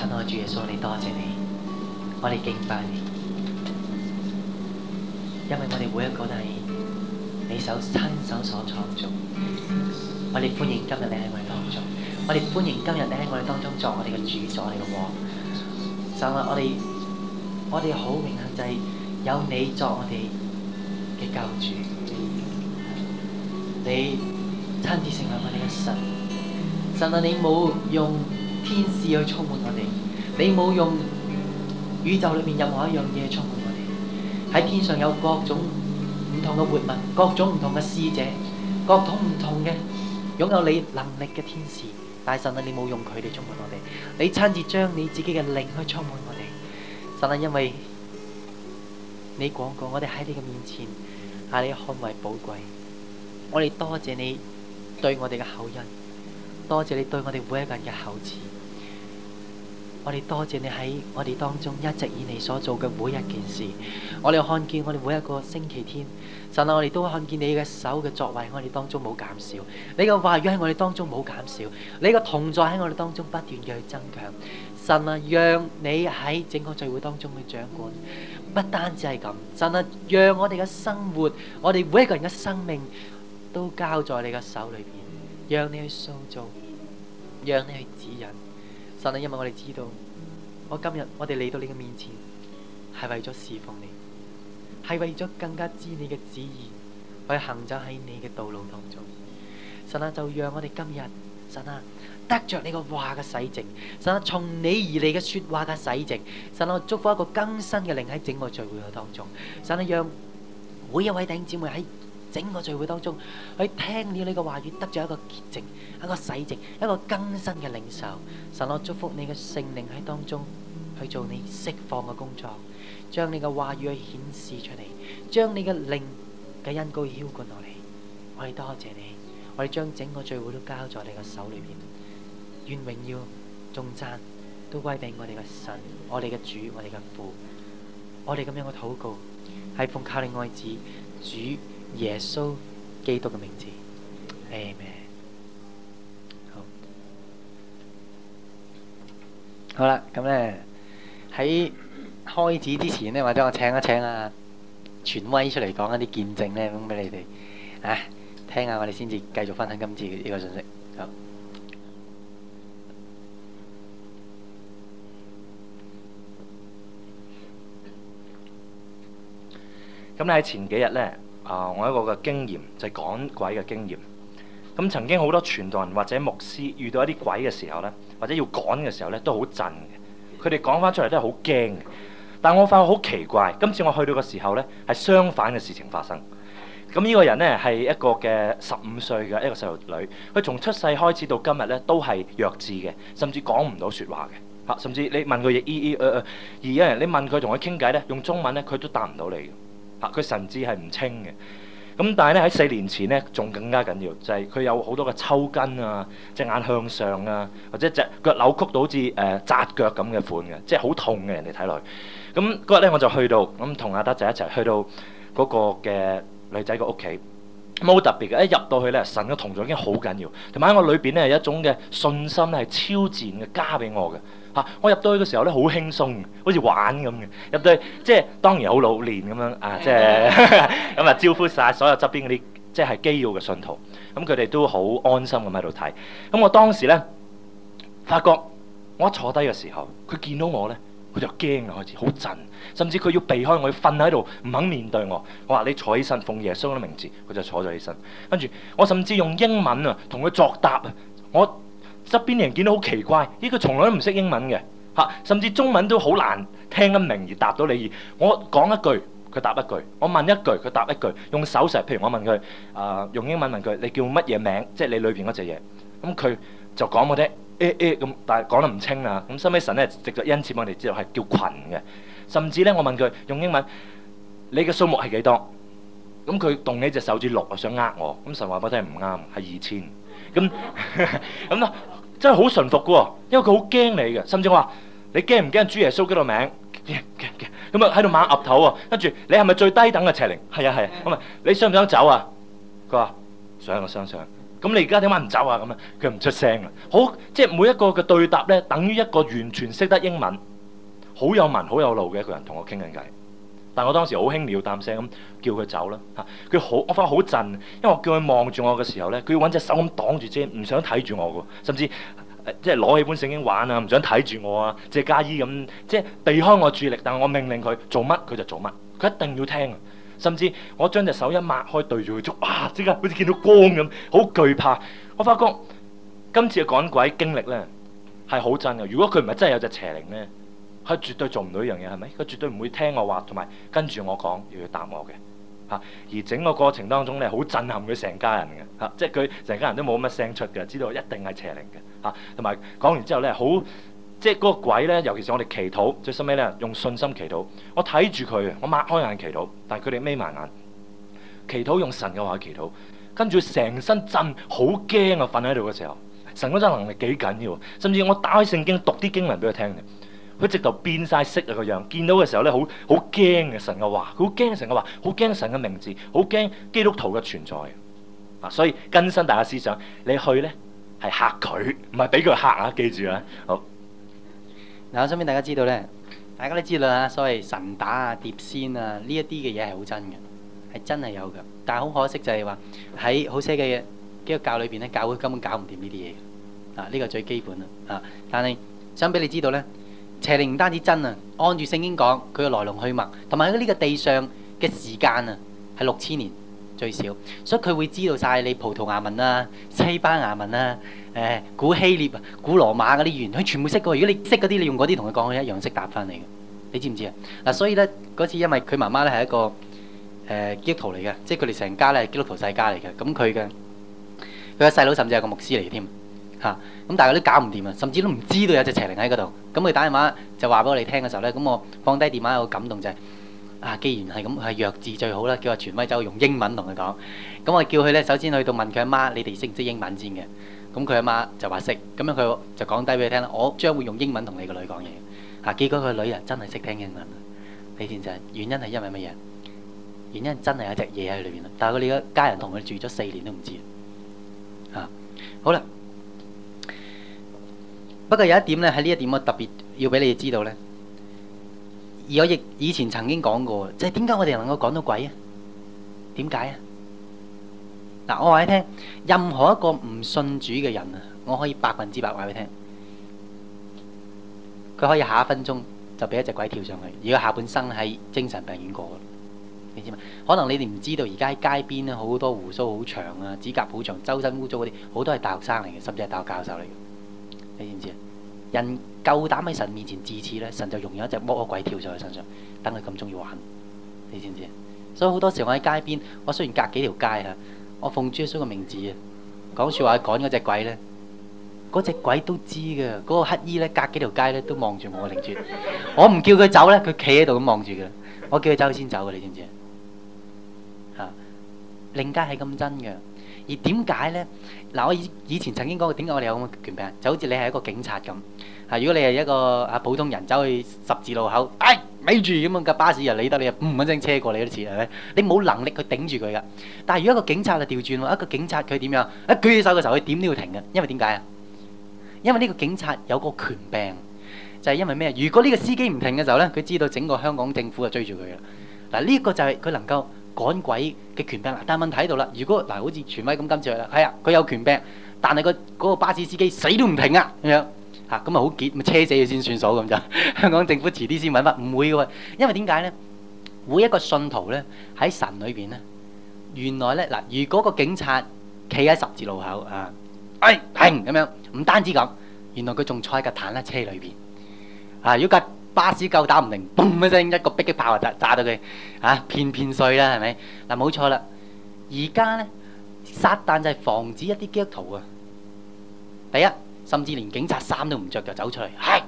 親愛嘅主耶穌，你多謝，謝你，我哋敬拜你，因為我哋每一個都係你手親手所創造，我哋歡迎今日你喺我哋當中，我哋歡迎今日你喺我哋當中作我哋嘅主所嚟嘅，神啊！我哋我哋好榮幸就係有你作我哋嘅救主，你親自成為我哋嘅神，神啊！你冇用。天使去充滿我哋，你冇用宇宙裏面任何一樣嘢充滿我哋。喺天上有各種唔同嘅活物，各種唔同嘅使者，各種唔同嘅擁有你能力嘅天使，但係神啊！你冇用佢哋充滿我哋，你親自將你自己嘅靈去充滿我哋。神啊，因為你講過，我哋喺你嘅面前，下你看為寶貴，我哋多謝你對我哋嘅厚恩。多謝你對我哋每一個人嘅厚賜，我哋多謝你喺我哋當中一直以你所做嘅每一件事，我哋看見我哋每一個星期天，神啊，我哋都看見你嘅手嘅作為，我哋當中冇減少，你嘅話語喺我哋當中冇減少，你嘅同在喺我哋當中不斷嘅去增強，神啊，讓你喺整個聚會當中嘅掌管，不單止係咁，神啊，讓我哋嘅生活，我哋每一個人嘅生命都交在你嘅手裏邊，讓你去塑造。讓你去指引，神啊！因為我哋知道，嗯、我今日我哋嚟到你嘅面前，係為咗侍奉你，係為咗更加知你嘅旨意，去行走喺你嘅道路當中。神啊，就讓我哋今日，神啊，得着你個話嘅洗淨，神啊，從你而嚟嘅說話嘅洗淨，神啊，我祝福一個更新嘅靈喺整個聚會嘅當中。神啊，讓每一位弟兄姊妹喺整個聚會當中，去聽了你個話語，得咗一個潔淨、一個洗淨、一個更新嘅領受。神，我祝福你嘅聖靈喺當中去做你釋放嘅工作，將你嘅話語去顯示出嚟，將你嘅靈嘅恩膏澆灌落嚟。我哋多謝你，我哋將整個聚會都交在你嘅手裏邊。願榮耀、眾讚都歸俾我哋嘅神，我哋嘅主，我哋嘅父。我哋咁樣嘅禱告係奉靠你愛子主。耶穌基督嘅名字，amen。好，好啦，咁呢喺開始之前呢，或者我請一請啊，權威出嚟講一啲見證呢，咁俾你哋啊，聽下我哋先至繼續分享今次呢個信息。好，咁你喺前幾日呢。啊、呃！我一個嘅經驗就係趕鬼嘅經驗。咁、就是、曾經好多傳道人或者牧師遇到一啲鬼嘅時候呢，或者要趕嘅時候呢，都好震嘅。佢哋講翻出嚟都係好驚嘅。但我發覺好奇怪，今次我去到嘅時候呢，係相反嘅事情發生。咁呢個人呢，係一個嘅十五歲嘅一個細路女，佢從出世開始到今日呢，都係弱智嘅，甚至講唔到說話嘅。嚇、啊，甚至你問佢嘢咿咿，而有人你問佢同佢傾偈呢，用中文呢，佢都答唔到你的。佢神志係唔清嘅，咁但係咧，喺四年前咧，仲更加緊要，就係、是、佢有好多嘅抽筋啊，隻眼向上啊，或者隻腳扭曲到好似誒、呃、紮腳咁嘅款嘅，即係好痛嘅人哋睇落去。咁嗰日咧，我就去到咁同、嗯、阿德仔一齊去到嗰個嘅女仔嘅屋企，咁好特別嘅，一入到去咧，神嘅同在已經好緊要，同埋喺我裏邊咧有一種嘅信心咧係超自然嘅加俾我嘅。嚇！我入到去嘅時候咧，好輕鬆，好似玩咁嘅。入到去即係當然好老練咁樣啊，即係咁啊， 就招呼晒所有側邊嗰啲即係基要嘅信徒。咁佢哋都好安心咁喺度睇。咁我當時咧，發覺我一坐低嘅時候，佢見到我咧，佢就驚啊開始，好震，甚至佢要避開我要喺度，要瞓喺度，唔肯面對我。我話你坐起身，奉耶穌嘅名字，佢就坐咗起身。跟住我甚至用英文啊，同佢作答啊，我。側邊啲人見到好奇怪，咦，佢從來都唔識英文嘅，嚇、啊，甚至中文都好難聽得明而答到你。我講一句，佢答一句；我問一句，佢答一句。用手勢，譬如我問佢，誒、呃、用英文問佢：你叫乜嘢名？即係你裏邊嗰隻嘢。咁、嗯、佢就講我聽，咁、欸欸、但係講得唔清啊。咁收尾神咧，直接恩賜我哋知道係叫群嘅。甚至咧，我問佢用英文：你嘅數目係幾多？咁、嗯、佢動起隻手指六，想呃我。咁、嗯、神話我聽唔啱，係二千。咁咁咯。真係好順服嘅喎，因為佢好驚你嘅，甚至我話你驚唔驚主耶穌嗰個名？驚驚驚咁啊，喺度猛岌頭喎，跟住你係咪最低等嘅邪靈？係啊係啊，唔係你想唔想走啊？佢話想我想想，咁你而家點解唔走啊？咁啊，佢唔出聲啦。好，即係每一個嘅對答咧，等於一個完全識得英文、好有文、好有路嘅一個人同我傾緊偈。但我當時好輕描淡寫咁叫佢走啦嚇，佢好我翻好震，因為我叫佢望住我嘅時候咧，佢要揾隻手咁擋住遮，唔想睇住我嘅，甚至、呃、即係攞起一本聖經玩啊，唔想睇住我啊，謝家依咁，即係避開我注意力。但係我命令佢做乜，佢就做乜，佢一定要聽。甚至我將隻手一抹開對住佢，哇！即刻好似見到光咁，好懼怕。我發覺今次嘅趕鬼經歷咧係好震嘅。如果佢唔係真係有隻邪靈咧？佢絕對做唔到一樣嘢，係咪？佢絕對唔會聽我話，同埋跟住我講，要答我嘅嚇、啊。而整個過程當中咧，好震撼佢成家人嘅嚇、啊，即係佢成家人都冇乜聲出嘅，知道一定係邪靈嘅嚇。同埋講完之後咧，好即係嗰個鬼咧，尤其是我哋祈禱最深尾咧，用信心祈禱。我睇住佢，我擘開眼祈禱，但係佢哋眯埋眼祈禱，用神嘅話祈禱。跟住佢成身震，好驚啊！瞓喺度嘅時候，神嗰種能力幾緊要，甚至我打開聖經讀啲經文俾佢聽。佢直頭變晒色啊，個樣，見到嘅時候咧，好好驚嘅神嘅話，好驚神嘅話，好驚神嘅名字，好驚基督徒嘅存在啊！所以更新大家思想，你去咧係吓佢，唔係俾佢吓啊！記住啊，好嗱，我想俾大家知道咧，大家都知道啦，所謂神打啊、碟仙啊呢一啲嘅嘢係好真嘅，係真係有嘅。但係好可惜就係話喺好死嘅基督教裏邊咧，教會根本搞唔掂呢啲嘢啊！呢個最基本啦啊，但係想俾你知道咧。邪靈唔單止真啊，按住聖經講佢嘅來龍去脈，同埋呢個地上嘅時間啊，係六千年最少，所以佢會知道晒你葡萄牙文啦、啊、西班牙文啦、啊、誒古希臘、古羅馬嗰啲語言，佢全部識嘅。如果你識嗰啲，你用嗰啲同佢講，佢一樣識答翻嚟嘅。你知唔知啊？嗱，所以咧嗰次，因為佢媽媽咧係一個誒、呃、基督徒嚟嘅，即係佢哋成家咧係基督徒世家嚟嘅，咁佢嘅佢嘅細佬甚至係個牧師嚟嘅添。嚇！咁、啊、大家都搞唔掂啊，甚至都唔知道有隻邪靈喺嗰度。咁佢打電話就話俾我哋聽嘅時候咧，咁我放低電話，我感動就係、是、啊，既然係咁係弱智最好啦，叫阿全威走用英文同佢講。咁我叫佢咧，首先去到問佢阿媽，你哋識唔識英文先嘅？咁佢阿媽就話識，咁樣佢就講低俾佢聽啦。我將會用英文同你個女講嘢嚇。結果個女啊真係識聽英文，你知唔知？原因係因為乜嘢？原因真係有一隻嘢喺裏面。但係佢哋嘅家人同佢住咗四年都唔知啊。好啦。不過有一點咧，喺呢一點我特別要俾你知道咧。而我亦以前曾經講過，即係點解我哋能夠講到鬼啊？點解啊？嗱，我話你聽，任何一個唔信主嘅人啊，我可以百分之百話你聽，佢可以下一分鐘就俾一隻鬼跳上去，而佢下半生喺精神病院過。你知嘛？可能你哋唔知道，而家喺街邊咧好多胡鬚好長啊，指甲好長，周身污糟嗰啲，好多係大學生嚟嘅，甚至係大學教授嚟嘅。你知唔知啊？人夠膽喺神面前自恃咧，神就容忍一隻魔鬼跳上佢身上，等佢咁中意玩。你知唔知啊？所以好多時候我喺街邊，我雖然隔幾條街嚇，我奉主耶穌嘅名字啊，講説話趕嗰隻鬼咧，嗰隻鬼都知嘅，嗰個乞衣咧隔幾條街咧都望住我擰住我。我唔叫佢走咧，佢企喺度咁望住佢。我叫佢走先走嘅，你知唔知啊？嚇，靈界係咁真嘅。而點解咧？嗱，我以以前曾經講過點解我哋有咁嘅權柄。就好似你係一個警察咁。嚇，如果你係一個啊普通人，走去十字路口，哎，咪住咁啊架巴士又理得你得你啊，唔揾聲車過你都次係你冇能力去頂住佢噶。但係如果一個警察就調轉喎，一個警察佢點樣？一舉起手嘅時候，佢點都要停嘅，因為點解啊？因為呢個警察有個權柄，就係、是、因為咩？如果呢個司機唔停嘅時候咧，佢知道整個香港政府就追住佢啦。嗱，呢個就係佢能夠趕鬼嘅權柄，但係問題喺度啦。如果嗱，好似傳威咁跟住去啦，係啊，佢有權柄，但係、嗰個嗰巴士司機死都唔停啊，咁樣嚇，咁咪好結，咪車死佢先算數咁就。香港政府遲啲先揾翻唔會嘅喎，因為點解咧？每一個信徒咧喺神裏邊咧，原來咧嗱，如果個警察企喺十字路口啊，係、哎、停咁樣，唔單止咁，原來佢仲坐喺架坦克車裏邊啊，如果，巴士夠膽唔停，嘣一聲一個迫擊炮就炸到佢嚇，片片碎啦，係咪嗱冇錯啦？而家咧，撒旦就係防止一啲基督徒啊！第一，甚至連警察衫都唔著就走出嚟，係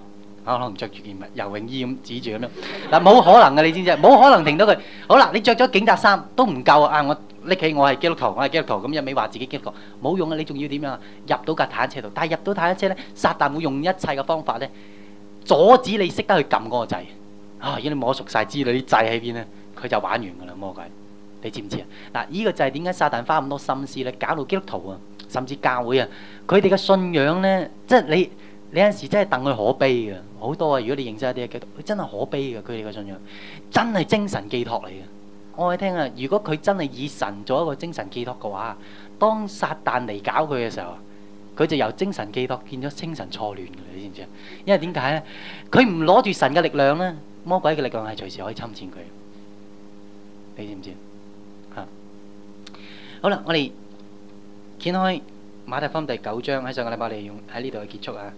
啊，可能唔著住件游泳衣咁指住咁樣嗱，冇可能啊你知唔知？冇可能停到佢。好啦，你著咗警察衫都唔夠啊！我拎起我係基督徒，我係基督徒咁一味話自己基督徒，冇用啊！你仲要點樣入到架坦克度？但係入到坦克車咧，撒旦會用一切嘅方法咧。阻止你識得去撳嗰個掣，啊！如果你摸熟晒之類啲掣喺邊咧，佢就玩完噶啦，魔鬼！你知唔知啊？嗱，依個就係點解撒旦花咁多心思咧，搞到基督徒啊，甚至教會啊，佢哋嘅信仰咧，即係你你有陣時真係戥佢可悲嘅，好多啊！如果你認識一啲嘅基督徒，佢真係可悲嘅，佢哋嘅信仰真係精神寄託嚟嘅。我話你聽啊，如果佢真係以神做一個精神寄託嘅話，當撒旦嚟搞佢嘅時候。佢就由精神寄託變咗精神錯亂嘅，你知唔知啊？因為點解咧？佢唔攞住神嘅力量咧，魔鬼嘅力量係隨時可以侵佔佢，你知唔知啊？嚇！好啦，我哋掀開馬太福音第九章，喺上個禮拜我哋用喺呢度去結束啊！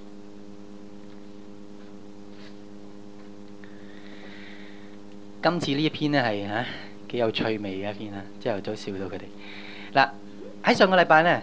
今次呢一篇咧係嚇幾有趣味嘅一篇啊，朝頭早笑到佢哋嗱，喺上個禮拜咧。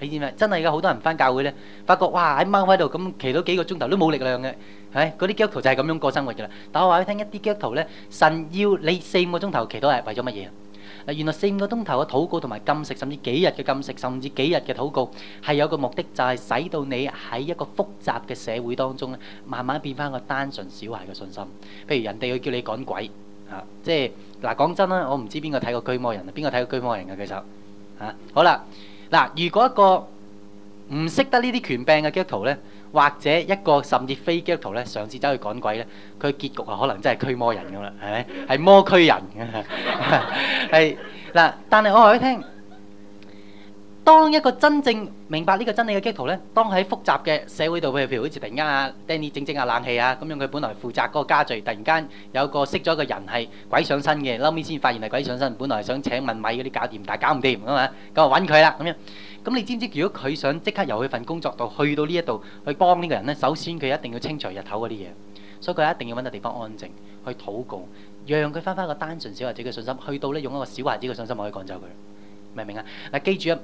你知唔知？真係而家好多人翻教會咧，發覺哇喺踴開度咁祈禱幾個鐘頭都冇力量嘅，係嗰啲基督徒就係咁樣過生活嘅啦。但係我話俾你聽一啲基督徒咧，神要你四五個鐘頭祈禱係為咗乜嘢啊？嗱，原來四五個鐘頭嘅禱告同埋禁食，甚至幾日嘅禁食，甚至幾日嘅禱告，係有個目的，就係使到你喺一個複雜嘅社會當中咧，慢慢變翻個單純小孩嘅信心。譬如人哋會叫你趕鬼啊，即係嗱，講真啦，我唔知邊個睇過《驅魔人》，邊個睇過《驅魔人》嘅舉手好啦。嗱，如果一個唔識得呢啲權柄嘅基督徒咧，或者一個甚至非基督徒咧，嘗試走去趕鬼咧，佢結局啊，可能真係驅魔人咁啦，係咪？係魔驅人，係嗱，但係我話你聽。當一個真正明白呢個真理嘅基督徒咧，當喺複雜嘅社會度，譬如好似突然間啊 Danny 整整啊冷氣啊咁樣，佢本來負責嗰個家具，突然間有個識咗個人係鬼上身嘅，後尾先發現係鬼上身，本來想請問米嗰啲搞掂，但係搞唔掂啊嘛，咁啊揾佢啦咁樣。咁你知唔知？如果佢想即刻由佢份工作度去到呢一度去幫呢個人咧，首先佢一定要清除日頭嗰啲嘢，所以佢一定要揾個地方安靜去禱告，讓佢翻返個單純小孩子嘅信心，去到咧用一個小孩子嘅信心可以趕走佢，明唔明啊？嗱，記住啊！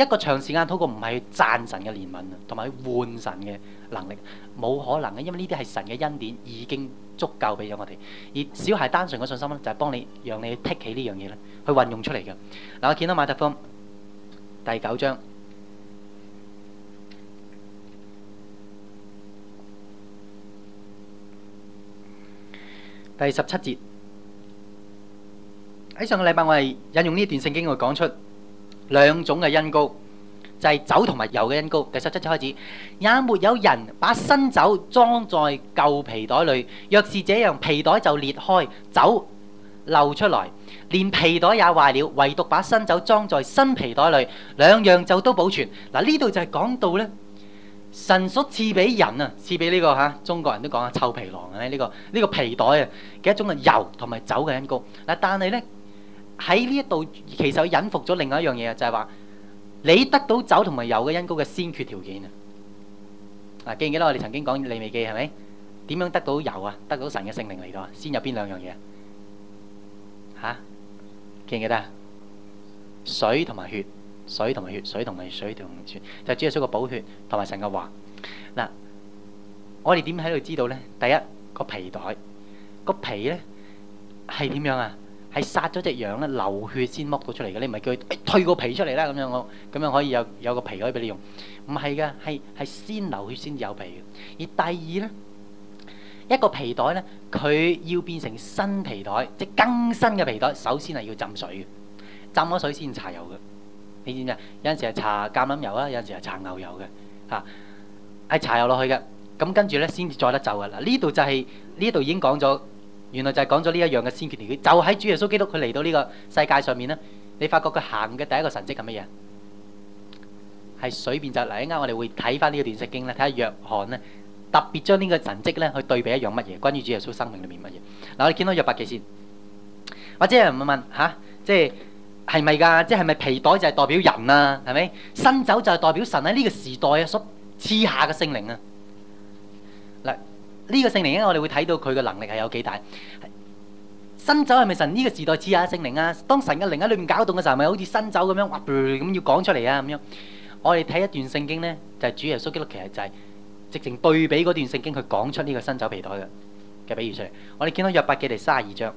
一個長時間通過唔係去贊神嘅憐憫啊，同埋去換神嘅能力，冇可能嘅，因為呢啲係神嘅恩典已經足夠俾咗我哋。而小孩單純嘅信心咧，就係幫你讓你剔起呢樣嘢咧，去運用出嚟嘅。嗱，我見到馬特風第九章第十七節。喺上個禮拜我係引用呢一段聖經去講出。兩種嘅恩膏，就係酒同埋油嘅恩膏。第十七節開始，也沒有人把新酒裝在舊皮袋裏，若是這樣，皮袋就裂開，酒漏出來，連皮袋也壞了。唯獨把新酒裝在新皮袋裏，兩樣就都保存。嗱，呢度就係講到咧，神所賜俾人啊，賜俾呢個嚇中國人都講啊，臭皮囊啊，呢個呢個皮袋啊嘅一種嘅油同埋酒嘅恩膏。嗱，但係咧。喺呢一度，其實佢隱伏咗另外一樣嘢啊，就係話你得到酒同埋油嘅因果嘅先決條件啊！記唔記得我哋曾經講你未記係咪？點樣得到油啊？得到神嘅聖靈嚟到先有邊兩樣嘢啊？嚇記唔記得啊？水同埋血，水同埋血，水同埋水同血，就主要需要個寶血同埋神嘅話。嗱，我哋點喺度知道咧？第一個皮袋個皮咧係點樣啊？係殺咗隻羊咧，流血先剝到出嚟嘅。你唔係叫佢退、欸、個皮出嚟啦，咁樣我咁樣可以有有個皮可以俾你用。唔係嘅，係係先流血先至有皮嘅。而第二咧，一個皮袋咧，佢要變成新皮袋，即更新嘅皮袋，首先係要浸水嘅，浸咗水先搽油嘅。你知唔知啊？有陣時係搽橄欖油啊，有陣時係搽牛油嘅嚇，係搽油落去嘅。咁跟住咧先至再得就嘅。嗱，呢度就係呢度已經講咗。原來就係講咗呢一樣嘅先決條件，就喺主耶穌基督佢嚟到呢個世界上面咧，你發覺佢行嘅第一個神蹟係乜嘢？係水變酒嚟，一陣我哋會睇翻呢個電視經咧，睇下約翰咧特別將呢個神蹟咧去對比一樣乜嘢，關於主耶穌生命裏面乜嘢。嗱，我哋見到約伯記先，或者有人問吓、啊？即係係咪㗎？即係咪皮袋就係代表人啊？係咪新酒就係代表神喺、啊、呢、這個時代啊？所賜下嘅聖靈啊！呢個聖靈咧，我哋會睇到佢嘅能力係有幾大。新酒係咪神呢個時代之下聖靈啊？當神嘅靈喺裏面搞動嘅時候，咪好似新酒咁樣，咁要講出嚟啊咁樣？我哋睇一段聖經咧，就係主耶穌基督其實就係直情對比嗰段聖經，佢講出呢個新酒皮袋嘅嘅比喻出嚟。我哋見到約伯記第三十二章。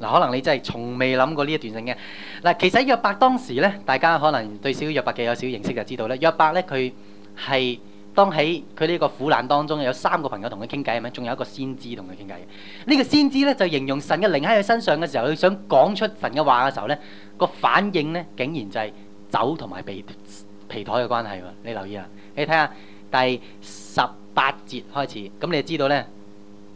嗱，可能你真係從未諗過呢一段聖經。嗱，其實約伯當時咧，大家可能對小約伯記有少認識就知道咧，約伯咧佢係。當喺佢呢個苦難當中，有三個朋友同佢傾偈，係咪？仲有一個先知同佢傾偈嘅。呢、呢個先知咧就是、形容神嘅靈喺佢身上嘅時候，佢想講出神嘅話嘅時候咧，個反應咧竟然就係酒同埋被皮袋嘅關係喎。你留意啊，你睇下第十八節開始，咁你就知道咧，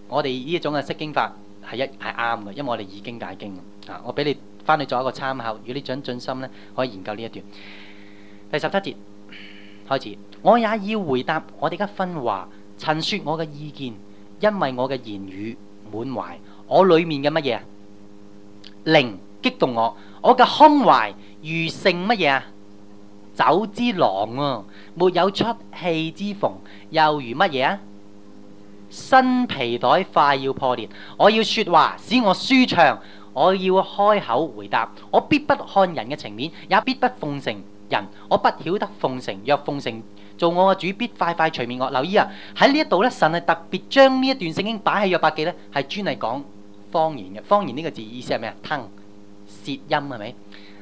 我哋呢一種嘅釋經法係一係啱嘅，因為我哋已經解經啊。我俾你翻去做一個參考，如果你想進心咧，可以研究呢一段。第十七節。開始，我也要回答我哋嘅分話，陳説我嘅意見，因為我嘅言語滿懷。我裏面嘅乜嘢啊？靈激動我，我嘅胸懷如盛乜嘢啊？酒之囊啊，沒有出氣之縫，又如乜嘢啊？新皮袋快要破裂，我要説話使我舒暢，我要開口回答，我必不看人嘅情面，也必不奉承。人我不曉得奉承，若奉承做我嘅主，必快快除滅我。留意啊，喺呢一度咧，神係特別將呢一段聖經擺喺約伯記咧，係專係講方言嘅。方言呢個字意思係咩啊？吞舌音係咪？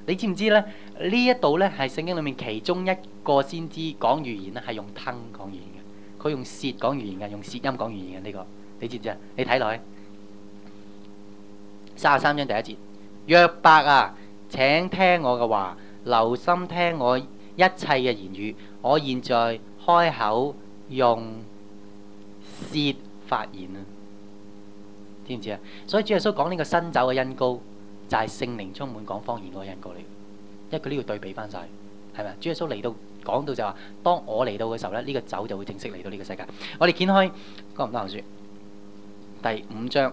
你知唔知咧？呢一度咧係聖經裏面其中一個先知講預言咧，係用吞講預言嘅，佢用舌講預言嘅，用舌音講預言嘅呢、這個，你知唔知啊？你睇落去三十三章第一節，約伯啊，請聽我嘅話。留心聽我一切嘅言語，我現在開口用舌發言啊，知唔知啊？所以主耶穌講呢個新酒嘅音高，就係、是、聖靈充滿講方言嗰個音高嚟，因為佢都要對比翻晒，係咪啊？主耶穌嚟到講到就話、是，當我嚟到嘅時候咧，呢、這個酒就會正式嚟到呢個世界。我哋掀開《哥林多後書》第五章。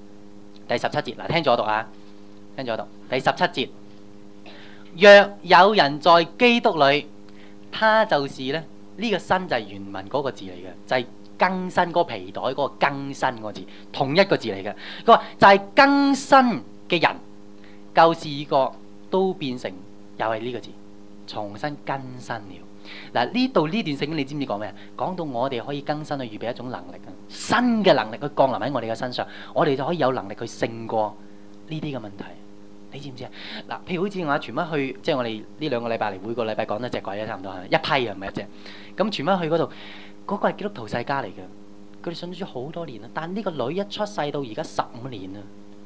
第十七節，嗱聽住我讀啊，聽住我讀。第十七節，若有人在基督裏，他就是咧呢、呢個新就係原文嗰個字嚟嘅，就係、係、更新嗰個皮袋嗰、嗰個更新嗰個字，同一個字嚟嘅。佢話就係更新嘅人，舊事已過，都變成又係呢個字，重新更新了。嗱，呢度呢段聖經你知唔知講咩？講到我哋可以更新去預備一種能力啊，新嘅能力去降臨喺我哋嘅身上，我哋就可以有能力去勝過呢啲嘅問題。你知唔知啊？嗱，譬如好似我話，全班去，即係我哋呢兩個禮拜嚟，每個禮拜講得一隻鬼啦，差唔多係一批唔係一隻。咁全班去嗰度，嗰、嗰個係基督徒世家嚟嘅，佢哋信咗好多年啦，但係呢個女一出世到而家十五年啦，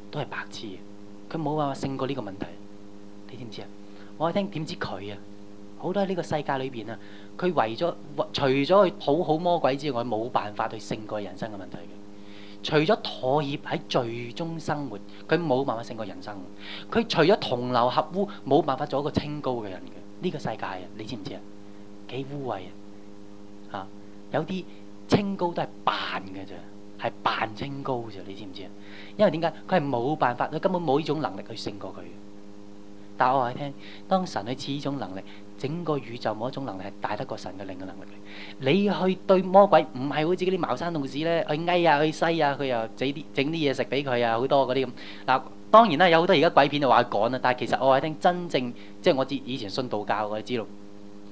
都係白痴嘅，佢冇辦法勝過呢個問題。你知唔知啊？我聽點知佢啊？好多喺呢個世界裏邊啊！佢為咗除咗去討好魔鬼之外，冇辦法去勝過人生嘅問題。除咗妥協喺罪中生活，佢冇辦法勝過人生。佢除咗同流合污，冇辦法做一個清高嘅人嘅呢、這個世界啊！你知唔知啊？幾污穢啊！有啲清高都係扮嘅啫，係扮清高啫。你知唔知啊？因為點解佢係冇辦法，佢根本冇呢種能力去勝過佢。但我話你聽，當神去有呢種能力。整個宇宙冇一種能力係大得過神嘅靈嘅能力。你去對魔鬼，唔係好似嗰啲茅山道士咧，去翳啊，去西啊，佢又整啲整啲嘢食俾佢啊，好多嗰啲咁嗱。當然啦，有好多而家鬼片就話佢趕啊，但係其實我係聽真正即係我之以前信道教，我知道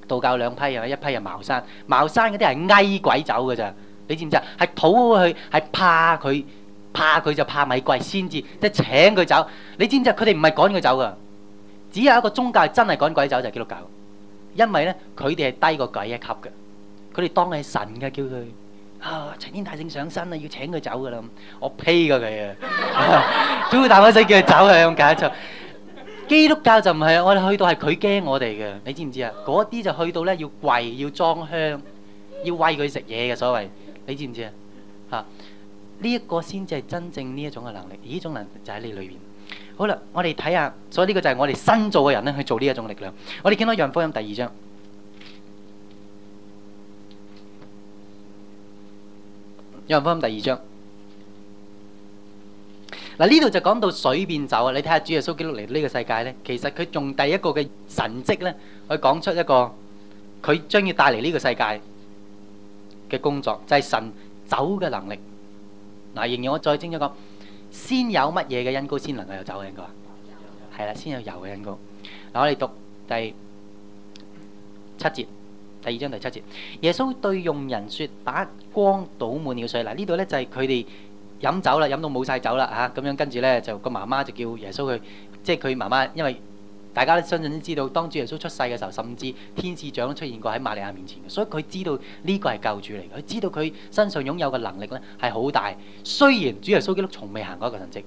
道教兩批係一批係茅山，茅山嗰啲係翳鬼走嘅咋？你知唔知啊？係討佢，係怕佢，怕佢就怕米貴先至，即係請佢走。你知唔知？佢哋唔係趕佢走噶，只有一個宗教真係趕鬼走就係基督教的。因為咧，佢哋係低過鬼一級嘅，佢哋當係神嘅，叫佢啊，齊天大聖上身啊，要請佢走噶啦，我呸過佢啊，都要大媽仔叫佢走，係咁解。就基督教就唔係我哋去到，係佢驚我哋嘅，你知唔知啊？嗰啲就去到咧要跪，要裝香，要餵佢食嘢嘅所謂，你知唔知啊？嚇，呢一個先至係真正呢一種嘅能力，呢種能力就喺你裏邊。好啦，我哋睇下，所以呢個就係我哋新造嘅人咧去做呢一種力量。我哋見到《約翰福音》第二章，《約翰福音》第二章。嗱，呢度就講到水變酒啊！你睇下主耶穌基督嚟到呢個世界咧，其實佢用第一個嘅神蹟咧，去講出一個佢將要帶嚟呢個世界嘅工作，就係神走嘅能力。嗱，仍然我再清楚講。先有乜嘢嘅恩膏，先能夠有酒嘅恩膏，係啦油，先有油嘅恩膏。嗱，我哋讀第七節，第二章第七節。耶穌對用人説：把缸倒滿了水。嗱，呢度呢就係佢哋飲酒啦，飲到冇晒酒啦嚇，咁樣跟住呢，就個媽媽就叫耶穌去，即係佢媽媽因為。大家都相信知道，當主耶穌出世嘅時候，甚至天使長都出現過喺瑪利亞面前嘅，所以佢知道呢個係救主嚟嘅。佢知道佢身上擁有嘅能力咧係好大，雖然主耶穌基督從未行過一個神跡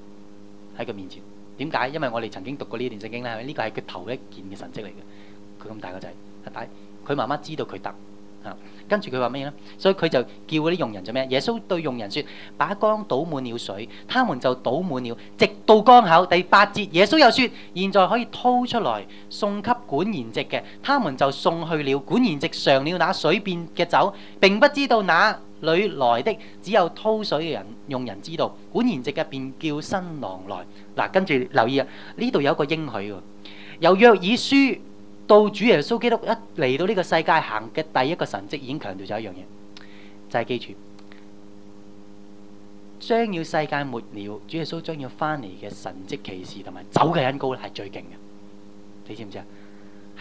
喺佢面前。點解？因為我哋曾經讀過呢段聖經咧，呢、呢個係佢頭一件嘅神跡嚟嘅。佢咁大個仔，但係佢媽媽知道佢得。跟住佢話咩嘢咧？所以佢就叫嗰啲傭人做咩？耶穌對傭人說：把缸倒滿了水，他們就倒滿了，直到缸口。第八節，耶穌又說：現在可以掏出來送給管筵席嘅，他們就送去了。管筵席嘗了那水變嘅酒，並不知道那裏來的，只有掏水嘅人傭人知道。管筵席嘅便叫新郎來。嗱，跟住留意啊，呢度有一個應許，由約珥書。到主耶穌基督一嚟到呢個世界行嘅第一個神蹟，已經強調咗一樣嘢，就係記住，將要世界末了，主耶穌將要翻嚟嘅神蹟奇事同埋走嘅恩膏係係最勁嘅。你知唔知啊？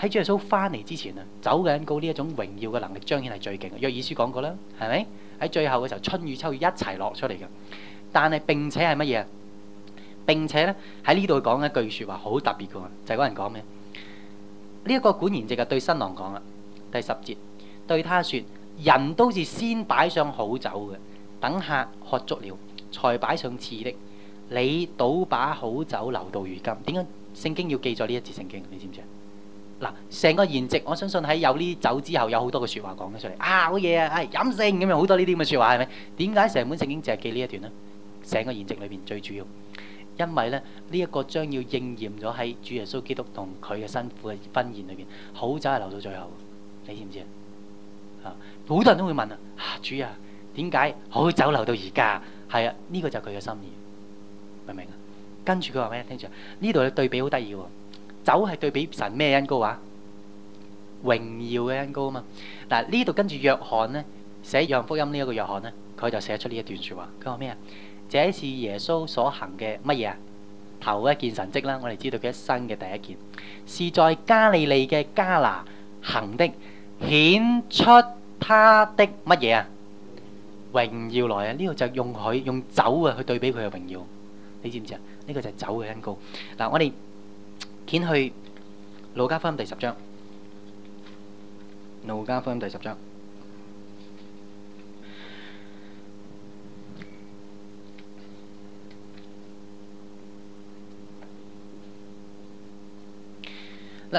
喺主耶穌翻嚟之前啊，走嘅恩膏呢一種榮耀嘅能力彰顯係最勁。約珥書講過啦，係咪？喺最後嘅時候，春雨秋雨一齊落出嚟嘅。但係並且係乜嘢啊？並且咧喺呢度講嘅一句說話好特別嘅，就係嗰人講咩？呢一個管筵席就對新郎講啦，第十節對他説：人都是先擺上好酒嘅，等客喝足了，才擺上次的。你倒把好酒留到如今，點解聖經要記咗呢一節聖經？你知唔知啊？嗱，成個筵席，我相信喺有呢酒之後，有好多嘅説話講咗出嚟啊！好嘢啊，係飲勝咁樣，好多呢啲咁嘅説話係咪？點解成本聖經淨係記呢一段呢？成個筵席裏邊最主要。因為咧呢一個將要應驗咗喺主耶穌基督同佢嘅辛苦嘅婚宴裏邊，好酒係留到最後，你知唔知啊？啊，好多人都會問啊，主啊，點解好酒留到而家？係啊，呢個就係佢嘅心意，明唔明啊？跟住佢話咩？聽住呢度嘅對比好得意喎，酒係對比神咩恩膏啊？榮耀嘅恩膏啊嘛。嗱，呢度跟住約翰咧寫約翰福音呢一個約翰咧，佢就寫出呢一段說話。佢話咩啊？這是耶穌所行嘅乜嘢啊？頭一件神蹟啦，我哋知道佢一生嘅第一件，是在加利利嘅加拿行的，顯出他的乜嘢啊？榮耀來啊！呢個就用佢用酒啊去對比佢嘅榮耀，你知唔知啊？呢個就係酒嘅恩膏。嗱，我哋掀去路加福音第十章。路加福音第十章。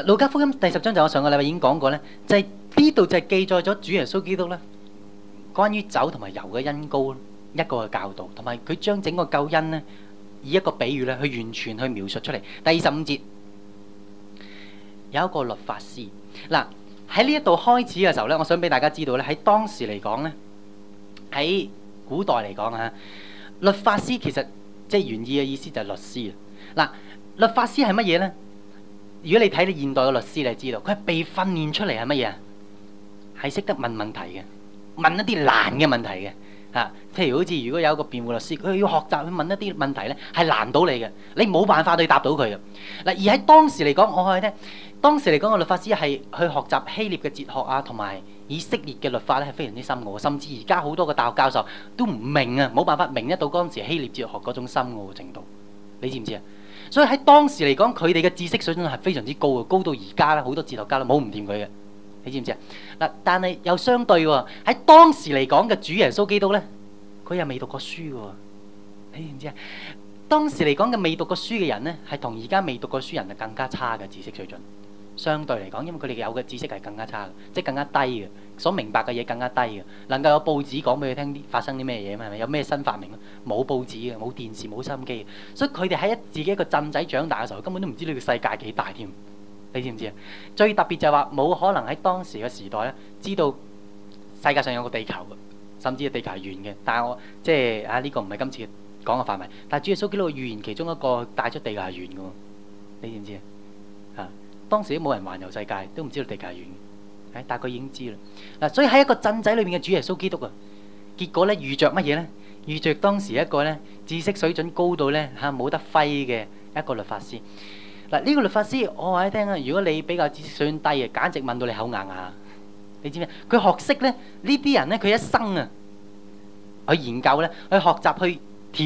《路加福音》第十章就我上個禮拜已經講過咧，就係呢度就係記載咗主耶穌基督咧，關於酒同埋油嘅恩膏一個嘅教導，同埋佢將整個救恩咧，以一個比喻咧，去完全去描述出嚟。第二十五節有一個律法師。嗱，喺呢一度開始嘅時候咧，我想俾大家知道咧，喺當時嚟講咧，喺古代嚟講啊，律法師其實即係原意嘅意思就係律師啊。嗱，律法師係乜嘢咧？如果你睇你現代嘅律師，你就知道佢係被訓練出嚟係乜嘢？係識得問問題嘅，問一啲難嘅問題嘅，嚇。譬如好似如果有一個辯護律師，佢要學習去問一啲問題咧，係難到你嘅，你冇辦法對答到佢嘅。嗱，而喺當時嚟講，我話你聽，當時嚟講個律法師係去學習希臘嘅哲學啊，同埋以色列嘅律法咧係非常之深奧，甚至而家好多個大學教授都唔明啊，冇辦法明得到當時希臘哲學嗰種深奧嘅程度，你知唔知啊？所以喺當時嚟講，佢哋嘅知識水準係非常之高嘅，高到而家咧好多哲學家都冇唔掂佢嘅，你知唔知啊？嗱，但係又相對喎，喺當時嚟講嘅主耶穌基督咧，佢又未讀過書嘅喎，你知唔知啊？當時嚟講嘅未讀過書嘅人咧，係同而家未讀過書人係更加差嘅知識水準，相對嚟講，因為佢哋有嘅知識係更加差嘅，即係更加低嘅。所明白嘅嘢更加低嘅，能夠有報紙講俾佢聽啲發生啲咩嘢啊係咪？有咩新發明啊？冇報紙嘅，冇電視，冇收音機，所以佢哋喺一自己一個鎮仔長大嘅時候，根本都唔知呢個世界幾大添。你知唔知啊？最特別就係話冇可能喺當時嘅時代咧，知道世界上有個地球，甚至地球係圓嘅。但係我即係啊，呢個唔係今次講嘅範圍。但係主耶穌基督嘅預言其中一個帶出地球係圓嘅，你知唔知啊？啊，當時都冇人環遊世界，都唔知道地球係圓。但佢已經知啦，嗱，所以喺一個鎮仔裏面嘅主耶穌基督啊，結果咧遇著乜嘢咧？遇著當時一個咧知識水準高到咧嚇冇得揮嘅一個律法師。嗱，呢個律法師我話你聽啊，如果你比較知識水準低啊，簡直問到你口硬硬。你知咩？佢學識咧呢啲人咧，佢一生啊去研究咧，去學習去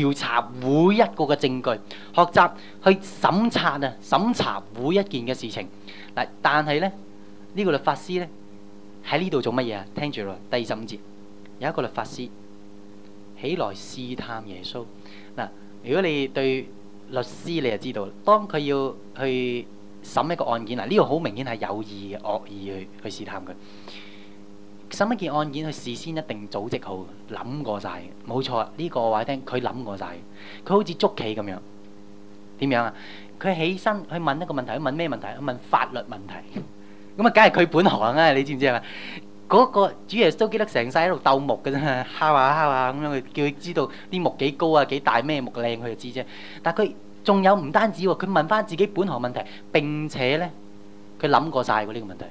調查每一個嘅證據，學習去審察啊審查每一件嘅事情。嗱，但係咧呢個律法師咧。喺呢度做乜嘢啊？聽住咯，第十五節有一個律法師起來試探耶穌。嗱，如果你對律師，你就知道，當佢要去審一個案件啊，呢個好明顯係有意嘅、惡意去去試探佢。審一件案件，佢事先一定組織好，諗過晒。冇錯啊！呢個我話你聽，佢諗過晒。佢好似捉棋咁樣。點樣啊？佢起身去問一個問題，問咩問題？問法律問題。咁啊，梗係佢本行啦，你知唔知啊？係咪嗰個主耶穌都記得成世喺度鬥木嘅啫，敲下敲下咁樣，叫佢知道啲木幾高啊、幾大咩木靚，佢就知啫。但係佢仲有唔單止喎，佢問翻自己本行問題，並且咧，佢諗過曬呢個問題，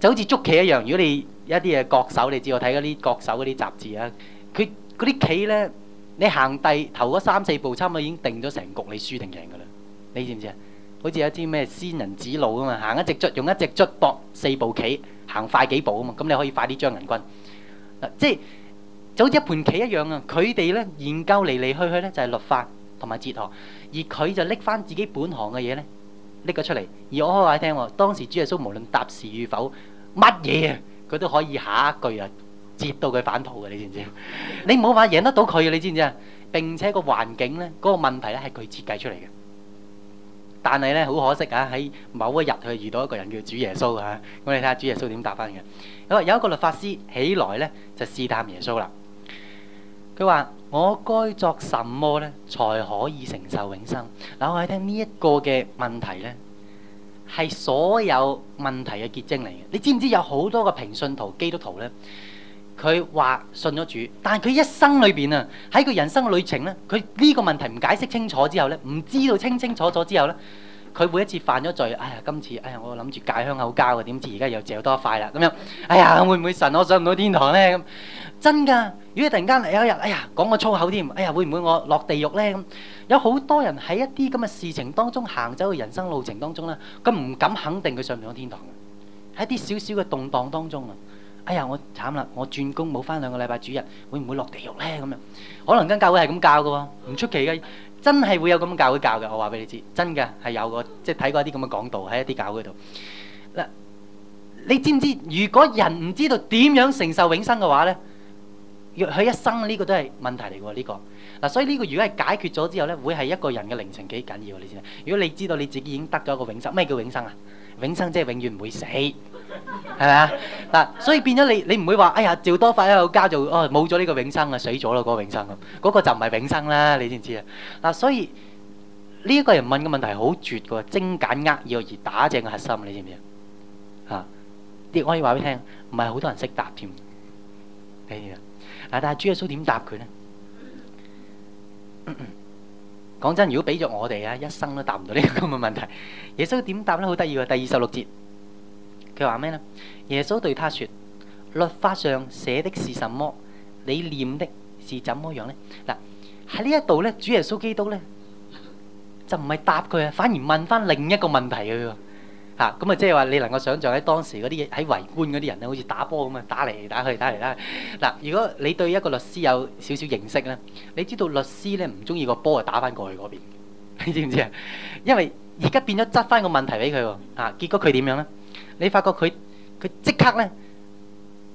就好似捉棋一樣。如果你一啲嘅國手，你知我睇嗰啲國手嗰啲雜誌啊，佢啲棋咧，你行第頭嗰三四步，差唔多已經定咗成局，你輸定贏嘅啦，你知唔知啊？好似有啲咩仙人指路咁啊，行一隻卒用一隻卒搏四步棋，行快幾步啊嘛，咁你可以快啲將銀軍。嗱，即係就好似一盤棋一樣啊，佢哋咧研究嚟嚟去去咧就係律法同埋哲學，而佢就拎翻自己本行嘅嘢咧拎咗出嚟。而我可以話你聽，當時主耶穌無論答是與否，乜嘢啊，佢都可以下一句啊接到佢反套嘅，你知唔知？你冇法贏得到佢，你知唔知啊？並且個環境咧，嗰個問題咧係佢設計出嚟嘅。但係咧，好可惜啊！喺某一日佢遇到一個人叫主耶穌啊，咁你睇下主耶穌點答翻嘅。咁有一個律法師起來咧，就試探耶穌啦。佢話：我該作什麼咧，才可以承受永生？嗱，我喺聽呢一個嘅問題咧，係所有問題嘅結晶嚟嘅。你知唔知有好多個平信徒基督徒咧？佢話信咗主，但係佢一生裏邊啊，喺佢人生嘅旅程咧，佢呢個問題唔解釋清楚之後咧，唔知道清清楚楚之後咧，佢每一次犯咗罪，哎呀，今次，哎呀，我諗住戒香口膠啊，點知而家又剩多一塊啦，咁樣，哎呀，會唔會神，我上唔到天堂咧？咁真㗎，如果突然間有一日，哎呀，講個粗口添，哎呀，會唔會我落地獄咧？咁有好多人喺一啲咁嘅事情當中行走嘅人生路程當中咧，佢唔敢肯定佢上唔到天堂嘅，喺啲少少嘅動盪當中啊。哎呀，我慘啦！我轉工冇返兩個禮拜，主日會唔會落地獄呢？咁樣可能跟教會係咁教㗎喎，唔出奇嘅，真係會有咁樣嘅教會教嘅。我話俾你知，真嘅係有個，即係睇過一啲咁嘅講道喺一啲教會度。你知唔知如果人唔知道點樣承受永生嘅話呢？若喺一生呢、呢個都係問題嚟喎呢個。嗱，所以呢個如果係解決咗之後咧，會係一個人嘅靈性幾緊要？你知唔知？如果你知道你自己已經得咗一個永生，咩叫永生啊？永生即係永遠唔會死，係咪啊？嗱，所以變咗你，你唔會話哎呀，趙多發一個家就哦冇咗呢個永生啊，死咗咯嗰個永生咁，嗰個就唔係永生啦，你知唔知啊？嗱，所以呢個人問嘅問題好絕嘅，精簡扼要而打正個核心，你知唔知啊？啊，亦可以話俾你聽，唔係好多人識答添。係啊，嗱，但係主耶穌點答佢咧？講真，如果俾咗我哋啊，一生都答唔到呢個咁嘅問題。耶穌點答呢？好得意嘅，第二十六節，佢話咩呢？耶穌對他說：「律法上寫的是什麼？你念的是怎麼樣呢？」嗱，喺呢一度呢，主耶穌基督呢，就唔係答佢啊，反而問翻另一個問題佢。嚇咁啊！即係話你能夠想像喺當時嗰啲喺圍觀嗰啲人咧，好似打波咁啊，打嚟打去，打嚟打去啦！嗱、啊，如果你對一個律師有少少認識咧，你知道律師咧唔中意個波係打翻過去嗰邊，你知唔知啊？因為而家變咗執翻個問題俾佢喎，嚇、啊啊！結果佢點樣咧？你發覺佢佢即刻咧